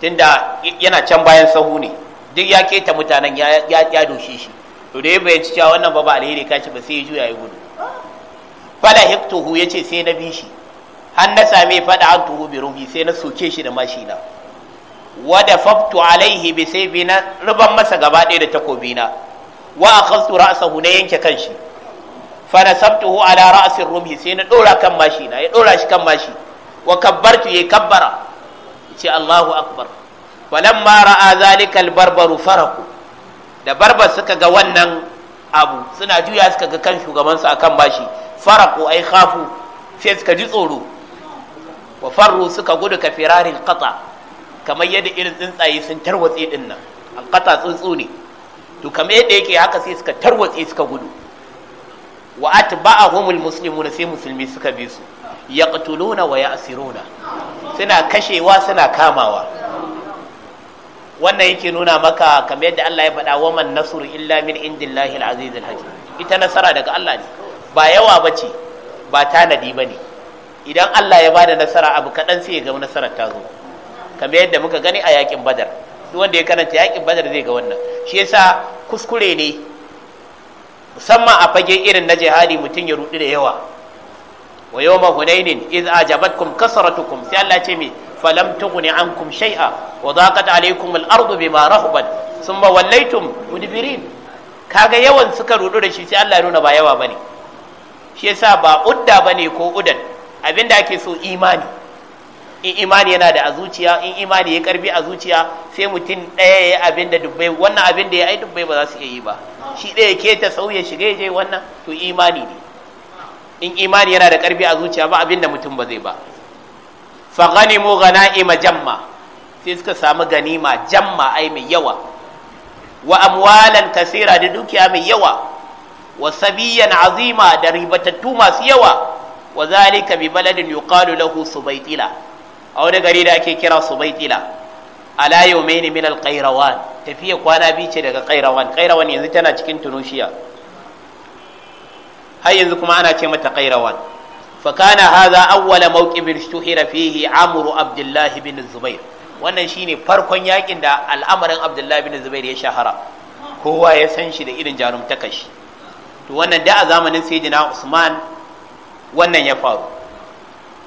[SPEAKER 1] tunda yana can bayan sahu ne duk ya keta mutanen ya ya doshe shi to da ya bayanci cewa wannan ba ba alheri kashi ba sai ya juya ya gudu Fala ya yace sai na bi shi har na same fada an tuhu bi rumhi sai na soke shi da mashina wa dafaftu alaihi bi na ruban masa gaba ɗaya da na. wa akhadtu ra'sahu na yanke kanshi Fana nasabtuhu ala ra'si rumhi sai na ɗora kan mashina ya ɗora shi kan mashi wa kabbartu ya kabbara yace Allahu akbar falamma ra'a zalika albarbaru faraku da barbar suka ga wannan abu suna juya suka ga kan shugabansu akan bashi faraku ai khafu sai suka ji tsoro wa farru suka gudu ka firarin qata kamar yadda irin tsuntsaye sun tarwatse din nan al qata tsuntsu ne to kamar yadda yake haka sai suka tarwatse suka gudu wa atba'ahumul muslimuna sai musulmi suka bi su yaqtuluna wa ya'siruna suna kashewa suna kamawa wannan yake nuna maka kamar yadda Allah ya faɗa waman nasru illa min indillahi al-aziz al-hakim ita nasara daga Allah ne ba yawa ba ce ba tanadi ba ne idan allah ya bada nasara abu kaɗan sai ya ga nasarar ta zo kamar yadda muka gani a yakin badar duk wanda ya karanta yakin badar zai ga wannan shi yasa kuskure ne musamman a fage irin na jihadi mutum ya rudu da yawa wa ma hunainin iz ajabatkum kasratukum sai Allah ce me falam tuguni ankum shay'a wa zaqat alaykum al-ardu bima rahabat thumma wallaytum mudbirin kaga yawan suka rudu da shi sai Allah ya nuna ba yawa bane shi yasa ba udda bane ko udan abinda ake so imani in imani yana da a zuciya in imani ya karbi a zuciya sai mutum ɗaya ya abin da dubbai wannan abin da ya ai dubbai ba za su iya yi ba shi ɗaya ke ta sauya shiga ya je wannan to imani ne in imani yana da karbi a zuciya ba abin da mutum ba zai ba fa ganimu ganaima jamma sai suka samu ganima jamma ai mai yawa wa amwalan kasira da dukiya mai yawa wasabiyan azima da ribatattu masu yawa wa zalika bi baladin yuqalu lahu subaitila a wani gari da ake kira subaitila ala yawmain min al-qayrawan tafiya kwana biyu ce daga qayrawan qayrawan yanzu tana cikin tunushiya har yanzu kuma ana ce mata qayrawan fa kana hadha awwala mawqibin shuhira fihi amru abdullah bin zubair wannan shine farkon yakin da al'amarin abdullah bin zubair ya shahara kowa ya san shi da irin jarumtakar shi to wannan da a zamanin sayyidina usman wannan ya faru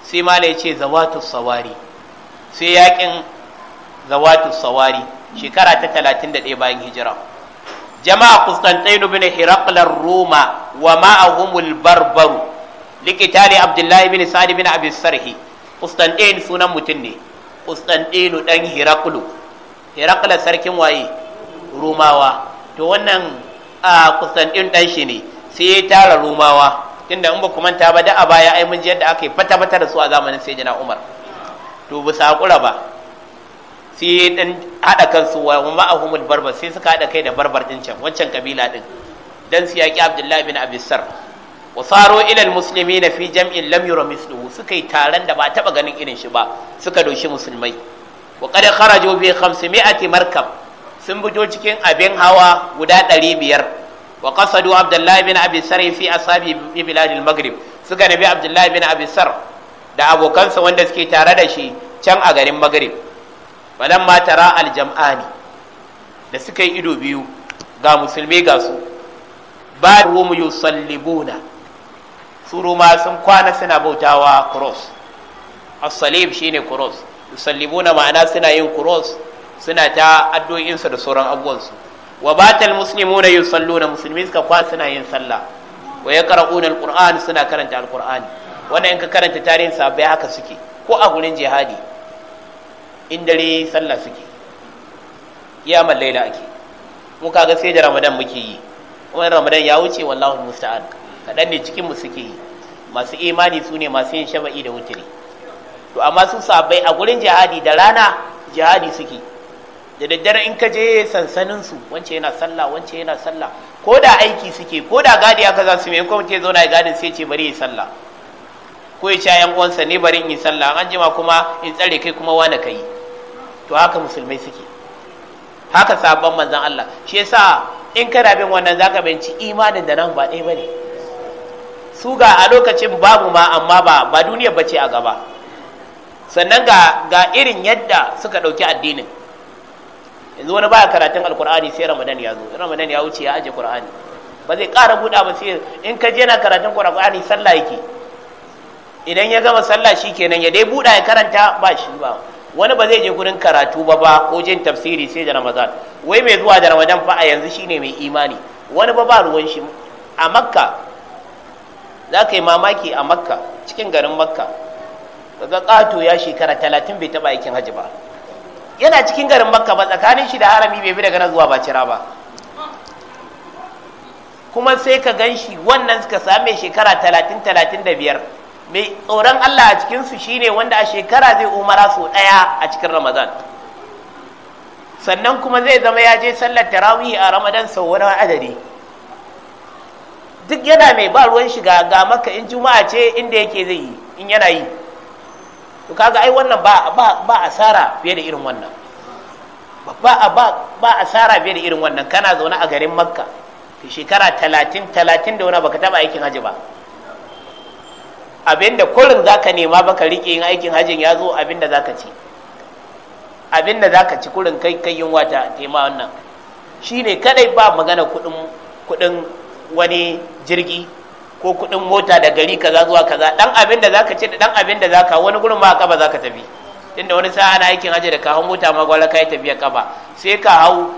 [SPEAKER 1] sai mala ya ce zawatu sawari sai yakin zawatu sawari shekara ta 31 bayan hijira jama'a Constantine bin Hiraqlar Roma wa ma'ahumul barbaru likitali Abdullahi bin Sa'd bin Abi Sarhi Constantine sunan mutum ne Constantine dan Hiraqlu Hiraqla sarkin waye Rumawa. to wannan a Constantine dan shi ne sai ya tara rumawa tunda in ba ku manta ba da a baya ai mun ji aka yi fata fata da su a zamanin sayyidina Umar to ba su ba sai ɗan haɗa kansu wa ma'ahumul barbar sai suka haɗa kai da barbar din can wancan kabila din dan su yaki Abdullahi bin Abisar wa saro musulmi na fi jam'in lam yura misluhu suka yi taron da ba taba ganin irin shi ba suka doshi musulmai wa qad kharaju bi 500 markab sun fito cikin abin hawa guda ɗari biyar. wa qasadu abdullahi bin abi sar fi ashabi bi bilad al maghrib suka nabi abdullahi bin abi sar da abokansa wanda suke tare da shi can a garin maghrib ma tara al jam'ani da suka yi ido biyu ga musulmi ga su ba rumu yusallibuna su ruma sun kwana suna bautawa cross as-salib shine cross yusallibuna ma'ana suna yin cross suna ta addu'o'insu da sauran abuwansu. wa batal muslimuna yusalluna musulmi suka kwa suna yin sallah wa qara'una alquran suna karanta alqur'ani wannan in ka karanta tarihin sahabbai haka suke ko a gurin jihadi in dare sallah suke kiyamar laila ake mu kaga sai da ramadan muke yi kuma ramadan ya wuce wallahu musta'an kadan ne cikin mu suke yi masu imani su ne masu yin shaba'i da wutiri to amma su sahabbai a gurin jihadi da rana jihadi suke da daddare in ka je sansanin su wance yana sallah wance yana sallah ko da aiki suke ko da gadi aka za su mai ko mutum zauna ya gadin sai ce bari ya sallah ko ya yan uwansa ne bari in yi sallah an jima kuma in tsare kai kuma wani kai to haka musulmai suke haka sabon manzan Allah shi yasa in kana bin wannan zaka binci imanin da nan ba ɗaya bane su ga a lokacin babu ma amma ba ba duniyar bace a gaba sannan ga ga irin yadda suka ɗauki addinin yanzu wani baya karatun alkur'ani sai ramadan ya zo ramadan ya wuce ya aje qur'ani ba zai ƙara buɗa ba sai in ka je na karatun qur'ani sallah yake idan ya gama sallah shikenan ya dai buɗa ya karanta ba shi ba wani ba zai je gurin karatu ba ba ko jin tafsiri sai da ramadan wai mai zuwa da ramadan fa a yanzu shine mai imani wani ba ba ruwan shi a makka za ka yi mamaki a makka cikin garin makka ga ƙato ya shekara talatin bai taɓa aikin hajji ba yana cikin garin makka ba tsakanin shi da harami bai bi daga na zuwa ba bacira ba kuma sai ka gan shi wannan suka same shekara talatin talatin da biyar mai tsoron allah a cikinsu shine wanda a shekara zai umara sau ɗaya a cikin ramadan sannan kuma zai zama ya je sallar tarawih a ramadan sau wani adadi duk yana mai ba ruwan shiga ga maka in juma'a ce inda yake zai yi in yana yi to kaga ai wannan ba ba ba asara fiye da irin wannan ba ba ba asara fiye da irin wannan kana zaune a garin makka ki shekara talatin talatin da wani baka taba aikin haji ba abinda kullun zaka nema baka rike yin aikin hajin ya zo abinda zaka ci abinda zaka ci kurin kai kai yin wata tema wannan shine kadai ba magana kudin kudin wani jirgi ko kudin mota da gari kaza zuwa kaza dan abin da zaka ce da dan abin da zaka wani gurin ma a kaba zaka tafi tunda wani sa'a na aikin hajji da ka hau mota ma gwala kai tafiya kaba sai ka hau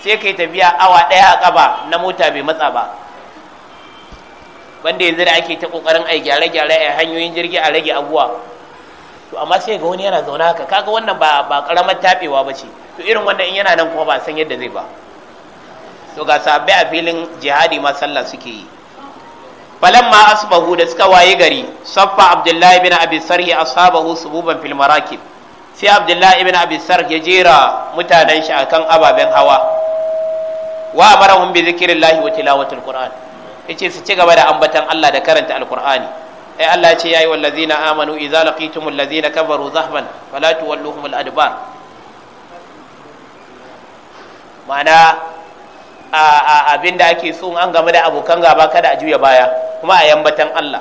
[SPEAKER 1] sai kai tafiya awa daya a kaba na mota bai matsa ba wanda yanzu da ake ta kokarin ai gyare-gyare a hanyoyin jirgi a rage abuwa to amma sai ga wani yana zaune haka kaga wannan ba ba karamar tabewa ba to irin wannan in yana nan kuma ba san yadda zai ba to ga sabai a filin jihadi ma sallah suke yi falamma asbahu da suka waye gari saffa abdullahi ibn abi sarhi ashabahu sububan fil marakib sai abdullahi ibn abi sarh ya jera mutanen shi akan ababen hawa wa amarahum bi zikrillahi wa tilawatil qur'an yace su ci gaba da ambatan Allah da karanta alqur'ani ai Allah ce yayi wallazina amanu idza laqitumul ladzina kafaru zahban fala tuwalluhumul adbar ma'ana abin da ake so an game da abokan gaba kada a juya baya kuma a yambatan Allah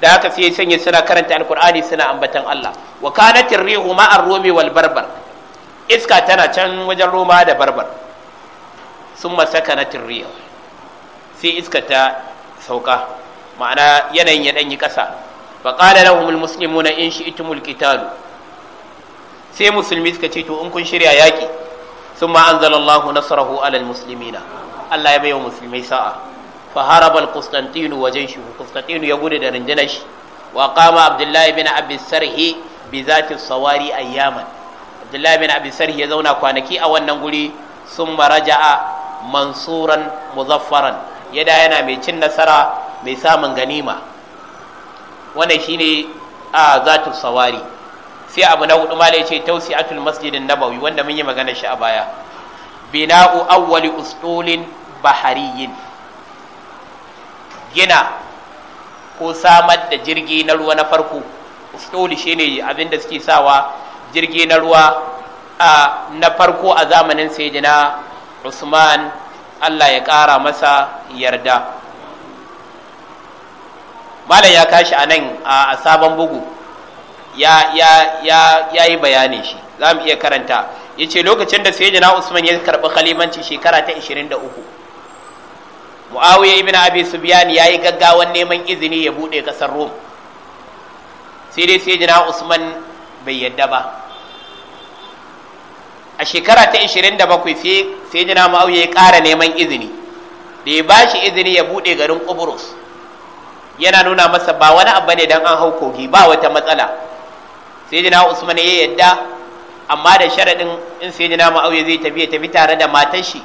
[SPEAKER 1] da haka sai sanya suna karanta alkur'ani suna ambatan Allah wa kanat rihu ma ar-rumi wal barbar iska tana can wajen roma da barbar sun masaka na tirriya sai iska ta sauka ma'ana yanayin ya danyi kasa fa qala lahumul muslimuna in shi'tumul qitalu sai musulmi suka ce to in kun shirya yaki thumma anzalallahu nasrahu alal muslimina Allah ya bai wa musulmai sa'a fa harabal qustantinu wa jayshuhu qustantinu ya gudu da rundunar shi wa abdullahi bin abi sarhi bi zati sawari ayyaman abdullahi bin abi ya zauna kwanaki a wannan guri sun maraja'a mansuran muzaffaran yada yana mai cin nasara mai samun ganima wannan shine a zatu sawari sai abu na hudu mala yace tawsi'atul masjidin nabawi wanda mun yi magana shi a baya bina'u awwali ustulin bahariyin gina ko samar da jirgi na ruwa na farko ustuli shine abin da suke sawa jirgi na ruwa na farko a zamanin sayyidina Usman Allah ya ƙara masa yarda malam ya kashi a nan a sabon bugu ya ya ya yayi bayanin shi za mu iya karanta yace lokacin da sai jana Usman ya karbi khalimanci shekara ta 23 Muawiya ibn Abi ya yayi gaggawan neman izini ya bude kasar Rom sai dai sai jana Usman bai yadda ba a shekara ta 27 sai jana Muawiya ya ƙara neman izini da ya bashi izini ya bude garin Qubrus yana nuna masa ba wani abu ne dan an hau kogi ba wata matsala sayyidina usman ya yadda amma da sharadin in sayyidina muawiya zai tafi ya tafi tare da matar shi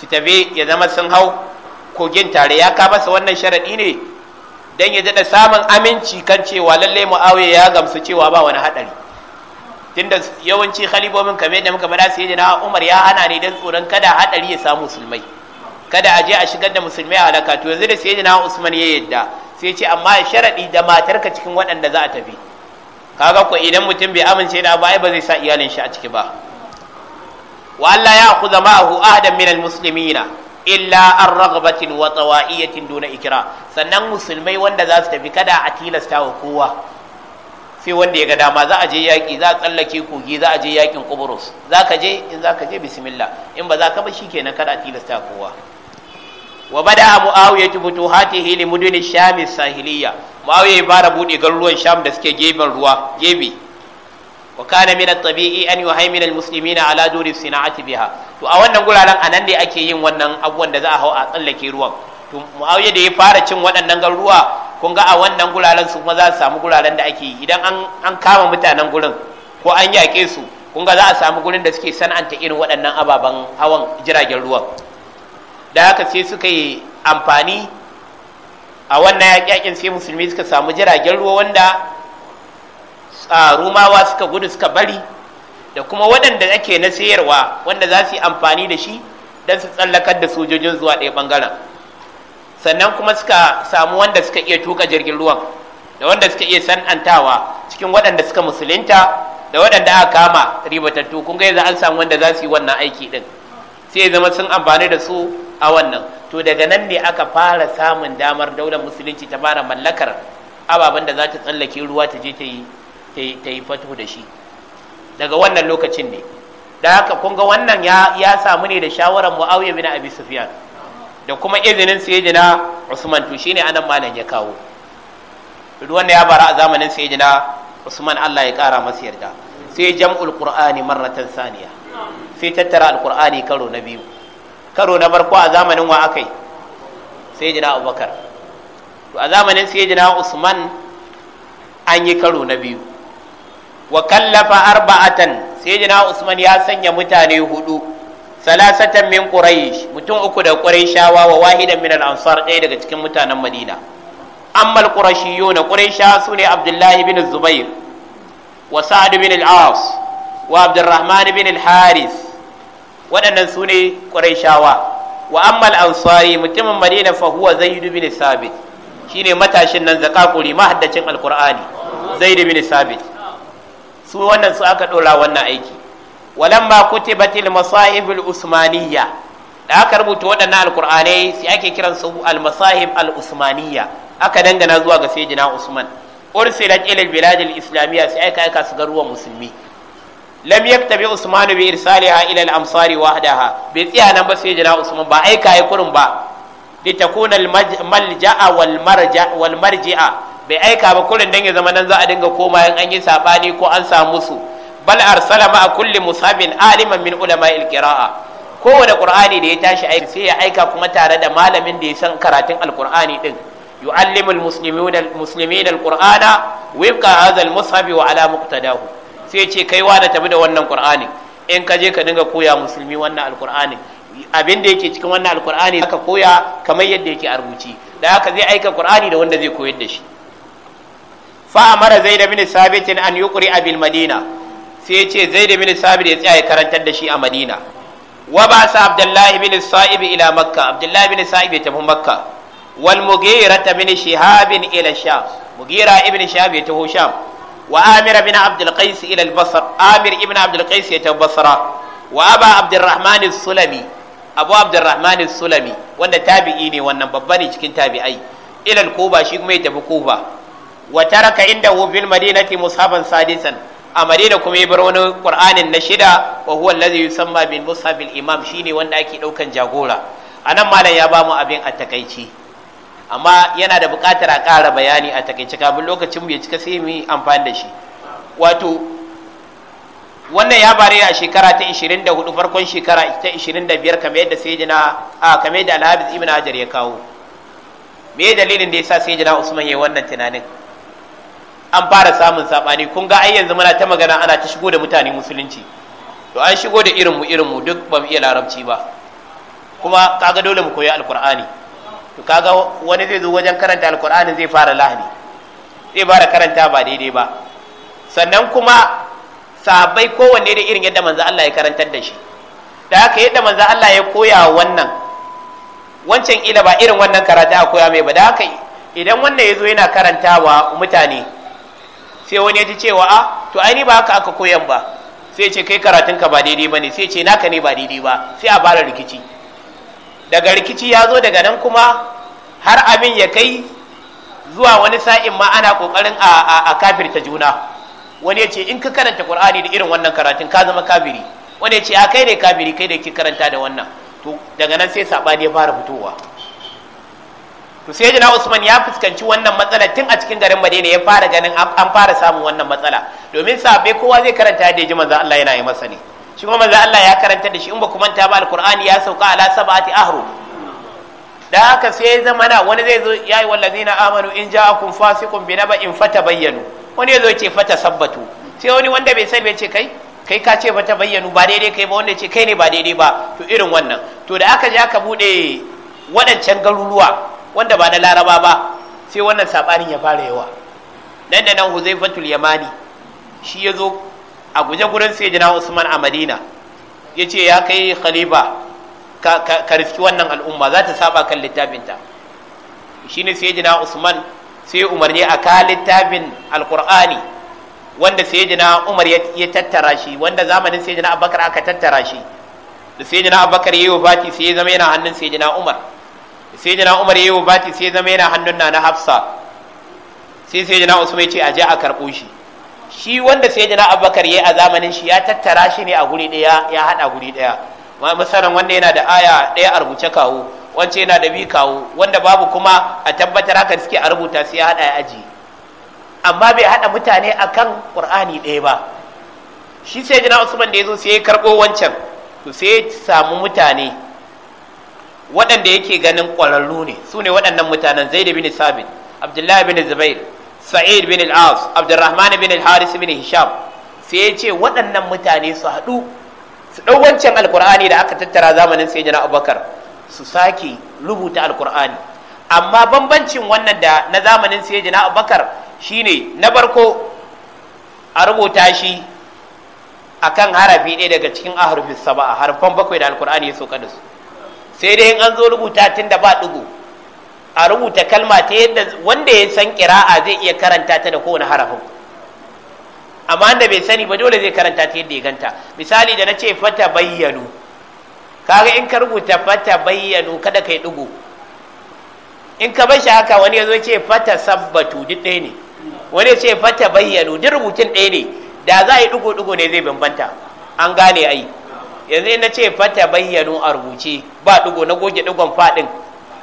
[SPEAKER 1] su tafi ya zama sun hau kogin tare ya ka masa wannan sharadi ne dan ya dada samun aminci kan cewa lalle muawiya ya gamsu cewa ba wani hadari tunda yawanci khalifofin kamar da muka bada sayyidina Umar ya hana ne dan tsoron kada hadari ya samu musulmai kada a je a shigar da musulmai a halaka to yanzu da sayyidina Usman ya yadda sai ce amma ya sharaɗi da matarka cikin waɗanda za a tafi kaga ko idan mutum bai amince da ba ai ba zai sa iyalin shi a ciki ba wa Allah ya akhudha ma'ahu ahadan minal muslimina illa an ragbatin wa tawaiyatin duna ikra sannan musulmai wanda za su tafi kada a tilasta wa kowa sai wanda ya ga dama za a je yaƙi za a tsallake kogi za a je yaƙin kuburus za ka je in za ka je bismillah in ba za ka ba shikenan kada a tilasta kowa wa bada muawiya tu futuhatihi li mudun sham sahiliya muawiya bara bude garuruwan sham da suke gefen ruwa gebe wa kana min at-tabi'i an yuhaimina al-muslimina ala duri sina'ati biha to a wannan guraren anan ne ake yin wannan abuwan da za a hau a tsallake ruwan to muawiya da ya fara cin waɗannan garuruwa kun ga a wannan guraren su kuma za su samu guraren da ake yi idan an an kama mutanen gurin ko an yaƙe su kun ga za a samu gurin da suke sana'anta irin waɗannan ababen hawan jiragen ruwan da haka sai suka yi amfani a wannan yaƙyaƙin sai musulmi suka samu jiragen ruwa wanda rumawa suka gudu suka bari da kuma waɗanda ake na sayarwa wanda za su yi amfani da shi don su tsallakar da sojojin zuwa ɗaya ɓangaren sannan kuma suka samu wanda suka iya tuka jirgin ruwan da wanda suka iya san'antawa cikin waɗanda suka musulunta da waɗanda aka kama ribatattu kun ga yanzu an samu wanda za su yi wannan aiki ɗin sai ya zama sun amfani da su a wannan to daga nan ne aka fara samun damar daular musulunci ta fara mallakar ababen da za ta tsallake ruwa ta je ta yi ta fato da shi daga wannan lokacin ne da haka kun ga wannan ya samu ne da shawarar Muawiya bin Abi Sufyan da kuma izinin sayyidina Usman to shine anan malam ya kawo ruwan ya bara a zamanin sayyidina Usman Allah ya kara masa yarda sai jam'ul Qur'ani marratan saniya sai tattara al karo na biyu karo na farko a zamanin wa akai sai jina abubakar to a zamanin sai jina usman an yi karo na biyu wa kallafa arba'atan sai jina usman ya sanya mutane hudu salasatan min quraish mutum uku da quraishawa wa wahidan min al-ansar ɗaya daga cikin mutanen madina amma al-qurashiyuna quraisha sune abdullahi bin zubair wa sa'd bin al-as wa abdurrahman bin al-haris waɗannan su ne ƙwarai shawa. wa ammal ansari mutumin madina fa huwa dubi bin sabit shine matashin nan zakakuri mahaddacin alqur'ani zaid bin sabit su wannan su aka dora wannan aiki walamma kutibatil masahib al usmaniyya da aka rubuta waɗannan alqur'anai sai ake kiran su al masahib al usmaniyya aka dangana zuwa ga sayyidina usman ursilat ila al bilad al islamiyya sai aka aika su garuwan musulmi lam bi usman bi irsaliha ila al-amsari wahdaha bai tsaya nan ba sai jira usman ba aika yi kurun ba litakuna al-malja'a wal marja wal marji'a bai aika ba kurin dan ya zama nan za a dinga koma in an yi sabani ko an samu su bal arsala ma kulli musabin aliman min ulama'il qira'a kowane qur'ani da ya tashi aiki sai ya aika kuma tare da malamin da ya san karatun alqur'ani din yu'allimul muslimina al-muslimina al-qur'ana wifqa hadha al-mushaf wa ala muqtadahu sai ce kai wa tafi da wannan qur'anin in ka je ka dinga koya musulmi wannan alqur'anin abin da yake cikin wannan alqur'ani aka koya kamar yadda yake a rubuci da haka zai aika qur'ani da wanda zai koyar da shi fa amara zaid bin sabit an yuqri bil madina sai ce zaid bin sabit ya tsaya ya karantar da shi a madina wa ba sa abdullahi bin sa'ib ila makka abdullahi bin sa'ib ya tafi makka wal mughira bin shihab ila sham mughira ibn shihab ya taho sham wa amir ibn abdul qais amir ibn abdul ya tabbasara wa aba abdurrahman sulami abu abdurrahman sulami wanda tabi'i ne wannan babba ne cikin tabi'ai ila kuba shi kuma ya tafi kuba wa taraka indahu bil madinati sadisan a madina kuma ya bar wani qur'anin na shida wa huwa allazi yusamma bil mushaf al imam wanda ake ɗaukan jagora anan malam ya bamu abin a amma yana da buƙatar a ƙara bayani a takaice kafin lokacin mu ya cika sai mu yi amfani da shi wato wannan ya bare a shekara ta 24 farkon shekara ta 25 kamar yadda sayyidina a kamar yadda al Ibn Hajar ya kawo me dalilin da yasa sayyidina Usman yayin wannan tunanin an fara samun sabani kun ga ai yanzu muna ta magana ana ta shigo da mutane musulunci to an shigo da irin mu irin mu duk ba mu iya larabci ba kuma kaga dole mu koyi alkur'ani to kaga wani zai zo wajen karanta alkur'ani zai fara lahani zai fara karanta ba daidai ba sannan kuma sahabbai kowanne da irin yadda manzo Allah ya karantar da shi da haka yadda manzo Allah ya koya wannan wancan ila ba irin wannan karatu a koya mai ba da haka idan wannan ya zo yana karantawa mutane sai wani ya ji cewa a ah, to ai ba haka aka koyan ba sai ce kai karatunka ba daidai ba ne sai ce naka ne ba daidai ba sai a fara rikici daga rikici ya zo daga nan kuma har abin ya kai zuwa wani sa'in ma ana kokarin a kafirta juna wani ya ce in ka karanta qur'ani da irin wannan karatun ka zama kafiri wani ya ce a kai ne kafiri kai da ke karanta da wannan to daga nan sai sabani ya fara fitowa to sai jina usman ya fuskanci wannan matsala tun a cikin garin madina ya fara ganin an fara samun wannan matsala domin sabai kowa zai karanta da ya ji manzo Allah yana yi masa ne shi kuma manzo Allah ya karanta da shi in ba ku manta ba alqur'ani ya sauka ala sab'ati ahru da haka sai zama na wani zai zo ya yi wallazina amanu in ja'akum fasiqun bi naba'in fatabayyanu wani ya zo ya ce sabbatu. sai wani wanda bai sani bai ce kai kai ka ce fata bayyanu ba daidai kai ba wanda ce kai ne ba daidai ba to irin wannan to da aka je aka bude waɗancan garuruwa wanda ba na laraba ba sai wannan sabanin ya fara yawa nan da nan huzaifatul yamani shi ya zo a guje gurin sayyidina Usman a Madina yace ya kai khalifa ka, ka, riski wannan al'umma za ta saba kan littafinta shine sayyidina Usman sai umarni a ka littafin alqur'ani wanda sayyidina Umar ya, tattara shi wanda zamanin sayyidina Abubakar aka tattara shi da sayyidina Abubakar yayi wafati sai ya zama yana hannun sayyidina Umar sayyidina Umar yayi wafati sai ya zama yana hannun na Hafsa sai sayyidina Usman ya ce aje a karbo shi shi wanda sai jina abubakar ya yi a zamanin shi ya tattara shi ne a guri ɗaya ya haɗa guri ɗaya misalin wanda yana da aya ɗaya a rubuce kawo wance yana da bi kawo wanda babu kuma a tabbatar haka suke a rubuta sai ya haɗa ya aji amma bai haɗa mutane akan ƙur'ani ɗaya ba shi sai jina usman da ya zo sai ya karɓo wancan to sai ya samu mutane waɗanda yake ganin ƙwararru ne su ne waɗannan mutanen zai bin sabit abdullahi bin zubair sa'id bin al-as abdurrahman bin al-haris bin hisham sai ya ce waɗannan mutane su haɗu su ɗau wancan alkur'ani da aka tattara zamanin sai jana abubakar su sake rubuta alkur'ani amma bambancin wannan da na zamanin sai jana abubakar shine na barko a rubuta shi akan harafi ɗaya daga cikin aharfin saba'a harfan bakwai da alkur'ani ya sauka da su sai dai in an zo rubuta tun da ba ɗigo a rubuta kalma ta yadda wanda ya san kira'a zai iya karanta ta da kowane harafin amma da bai sani ba dole zai karanta ta yadda ya ganta misali da na ce fata bayyanu kaga in ka rubuta fata bayyanu kada kai dugu in ka bar shi haka wani ya zo ce fata sabbatu duk ɗaya ne wani ya ce fata bayyanu duk rubutun ɗaya ne da za a yi dugu-dugu ne zai bambanta an gane ai yanzu na ce fata bayyanu a rubuce ba dugu na goge dugon faɗin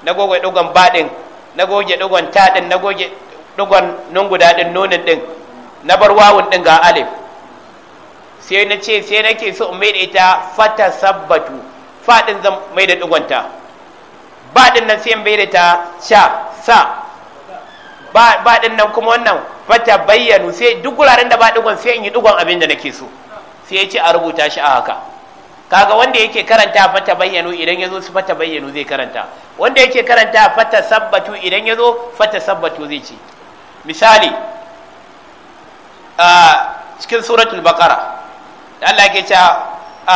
[SPEAKER 1] na goge dogon baɗin na goge dogon taɗin na goge dogon nun guda ɗin nunin ɗin na bar wawun ɗin ga alif sai na ce sai nake so in maida da ita fata sabbatu faɗin zan mai da baɗin nan sai in maida da ta sha sa baɗin nan kuma wannan fata bayyanu sai duk wuraren da ba dogon sai in yi dogon abin da nake so sai ya ce a rubuta shi a haka kaga wanda yake karanta fata bayyano idan yazo su fata bayyano zai karanta wanda yake karanta fata sabbatu idan yazo fata sabbatu zai ci. misali a cikin suratul baqara Allah yake cewa a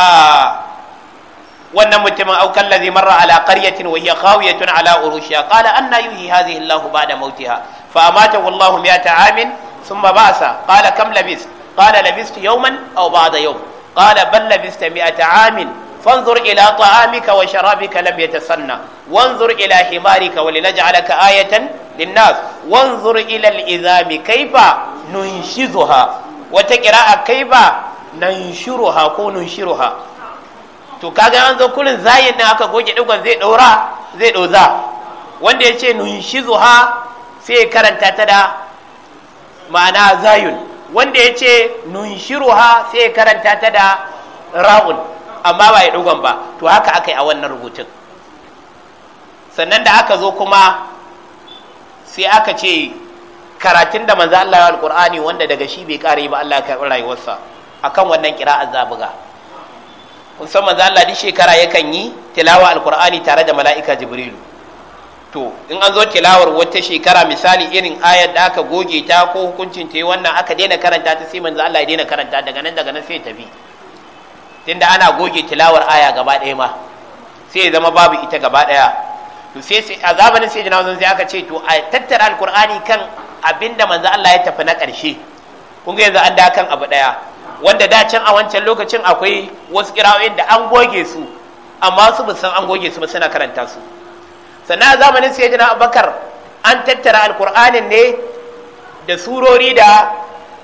[SPEAKER 1] wannan mutumin aukan lazi marra ala qaryatin wa hiya khawiyatun ala urushiha qala anna yuhyi hadhihi Allah ba'da mautiha fa amatahu Allah mi'ata amin thumma ba'sa qala kam labis qala labistu yawman aw ba'da yawm qala bal labista mi'ata amin fanzur ila ta'amika wa sharabika lam yatasanna wanzur ila himarika wa linaj'alaka ayatan linnas wanzur ila al'izami kaifa nunshizuha wata qira'a kaifa nanshuruha ko nunshiruha to kaga an zo kurin zayin nan aka goge digon zai daura zai wanda ya ce nunshizuha sai karanta ta da ma'ana zayun wanda ya ce ha sai ya karanta ta da ra'un amma ba ya dogon ba to haka aka yi a wannan rubutun sannan da aka zo kuma sai aka ce karatun da manzo Allah ya alƙur'ani wanda daga shi bai kare ba Allah ya karɓi rayuwarsa akan wannan a zabuga kun san manzo Allah duk shekara yakan yi tilawa Alƙur'ani tare da mala'ika jibrilu to in an zo tilawar wata shekara misali irin ayar da aka goge ta ko hukuncin ta yi wannan aka daina karanta ta sai manzo Allah ya daina karanta daga nan daga nan sai tafi tunda ana goge tilawar aya gaba ɗaya ma sai ya zama babu ita gaba ɗaya to sai a zamanin sai jinawa sai aka ce to a tattara alkur'ani kan abinda manzo Allah ya tafi na ƙarshe kun ga yanzu an da kan abu ɗaya wanda da can a wancan lokacin akwai wasu kirawoyin da an goge su amma su ba san an goge su ba suna karanta su sannan zamanin sayyidina abubakar an tattara alkur'anin ne da surori da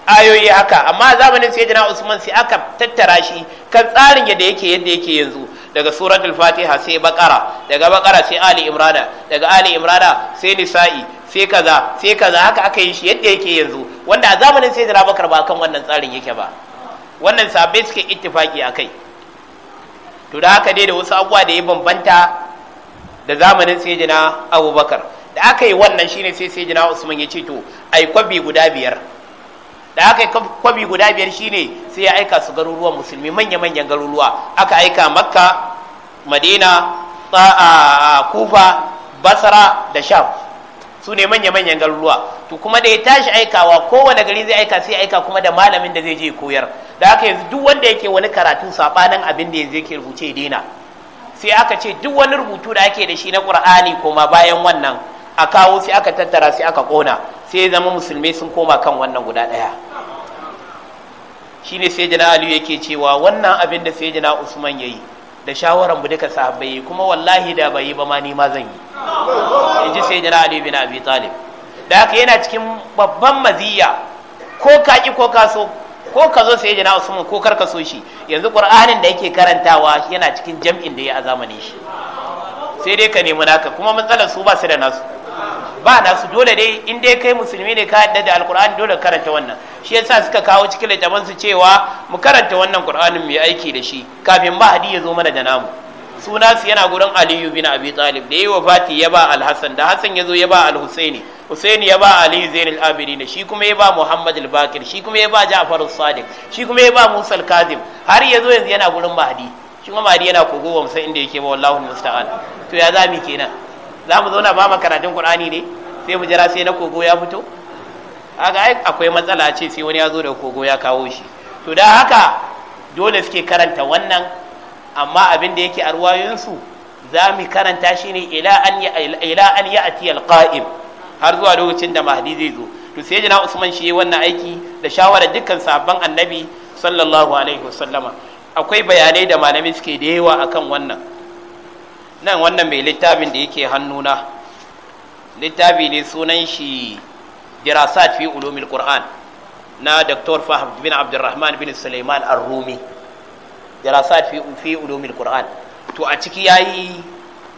[SPEAKER 1] ayoyi haka amma a zamanin sayyidina usman sai aka tattara shi kan tsarin yadda yake yadda yake yanzu daga surat al fatiha sai bakara daga bakara sai ali imrana daga ali imrana sai nisa'i sai kaza sai kaza haka aka yi shi yadda yake yanzu wanda a zamanin sayyidina abubakar ba kan wannan tsarin yake ba wannan sabai suke ittifaki akai to da haka dai da wasu abubuwa da ya bambanta da zamanin sayyidina abubakar da aka yi wannan shine sai sayyidina usman ya ce to ai kwabi guda biyar da aka yi kwabi guda biyar shine sai ya aika su garuruwan musulmi manya-manyan garuruwa aka aika makka madina kufa basra da sham su ne manya-manyan garuruwa to kuma da ya tashi aikawa kowane gari zai aika sai aika kuma da malamin da zai je koyar da aka yanzu duk wanda yake wani karatu sabanin abin da yanzu yake rubuce daina sai aka ce duk wani rubutu da ake da shi na qur'ani koma bayan wannan a kawo sai aka tattara sai aka ƙona. sai zama musulmai sun koma kan wannan guda ɗaya shine sai jana ali yake cewa wannan abin da sai jana usman yi, da shawaran mu duka sahabbai kuma wallahi da bai yi ba ma ni ma zan yi inji sai jana ali bin abi talib da haka yana cikin babban maziya ko kaki ko kaso ko ka zo sai jina usman ko kar ka so shi yanzu qur'anin da yake karantawa yana cikin jam'in da ya a zamanin shi sai dai ka nemi naka kuma matsalar su ba su da nasu ba nasu dole dai in dai kai musulmi ne ka yadda da alkur'ani dole karanta wannan shi yasa suka kawo cikin littafin su cewa mu karanta wannan qur'anin mu yi aiki da shi kafin ba hadi ya zo mana da namu suna su yana gurin aliyu bin abi talib da yi wa fati ya ba alhassan da hassan ya zo ya ba alhusaini husaini ya ba aliyu zainul abidin shi kuma ya ba muhammad al-bakir shi kuma ya ba ja'far sadiq shi kuma ya ba musa al-kazim har ya yanzu yana gurin mahdi shi kuma mahdi yana kogo wa musan inda yake ba wallahu musta'an to ya zami kenan za mu zauna ba karatun qur'ani ne sai mu jira sai na kogo ya fito kaga ai akwai matsala ce sai wani ya zo da kogo ya kawo shi to da haka dole suke karanta wannan amma abin da yake a ruwayoyinsu za mu karanta shi ne ila an ya ati alqa'im har zuwa lokacin da mahdi zai zo to sai jina usman shi yi wannan aiki da shawarar dukkan sabon annabi sallallahu alaihi wasallama akwai bayanai da malami suke da yawa akan wannan nan wannan mai littafin da yake hannuna littafi ne sunan shi dirasat fi ulumil qur'an na dr fahd bin abdurrahman bin suleiman ar-rumi dirasat fi fi ulumul qur'an to a ciki yayi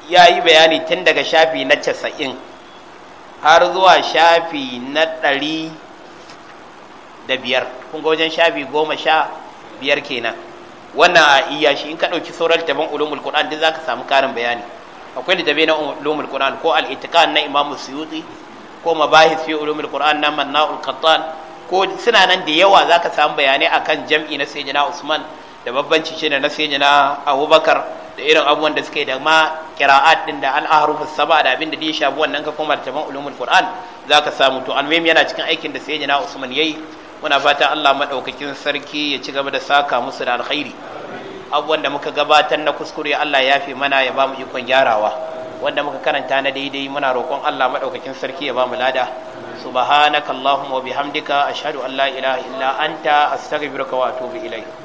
[SPEAKER 1] yayi bayani tun daga shafi na 90 har zuwa shafi na 100 da biyar kun ga wajen shafi goma sha biyar kenan wannan a iya shi in ka ɗauki sauran littafin ulumul qur'an din zaka samu karin bayani akwai littafi na ulumul qur'an ko al-itiqan na imam suyuti ko mabahis fi ulumul qur'an na manna'ul qattan ko suna nan da yawa zaka samu bayanai akan jam'i na sayyidina usman da babbanci shi da na sayyidina abubakar da irin abubuwan da suke da ma kira'at din da al-ahrufus saba da abin da ya shafi wannan ka koma da ulumul qur'an zaka samu to almuhim yana cikin aikin da sayyidina usman yayi muna fata Allah madaukakin sarki ya ci gaba da saka musu da alkhairi abubuwan da muka gabatar na kuskure Allah ya fi mana ya ba mu ikon gyarawa wanda muka karanta na daidai muna roƙon Allah madaukakin sarki ya ba mu lada subhanakallahumma wa bihamdika ashhadu an la ilaha illa anta astaghfiruka wa atubu ilayk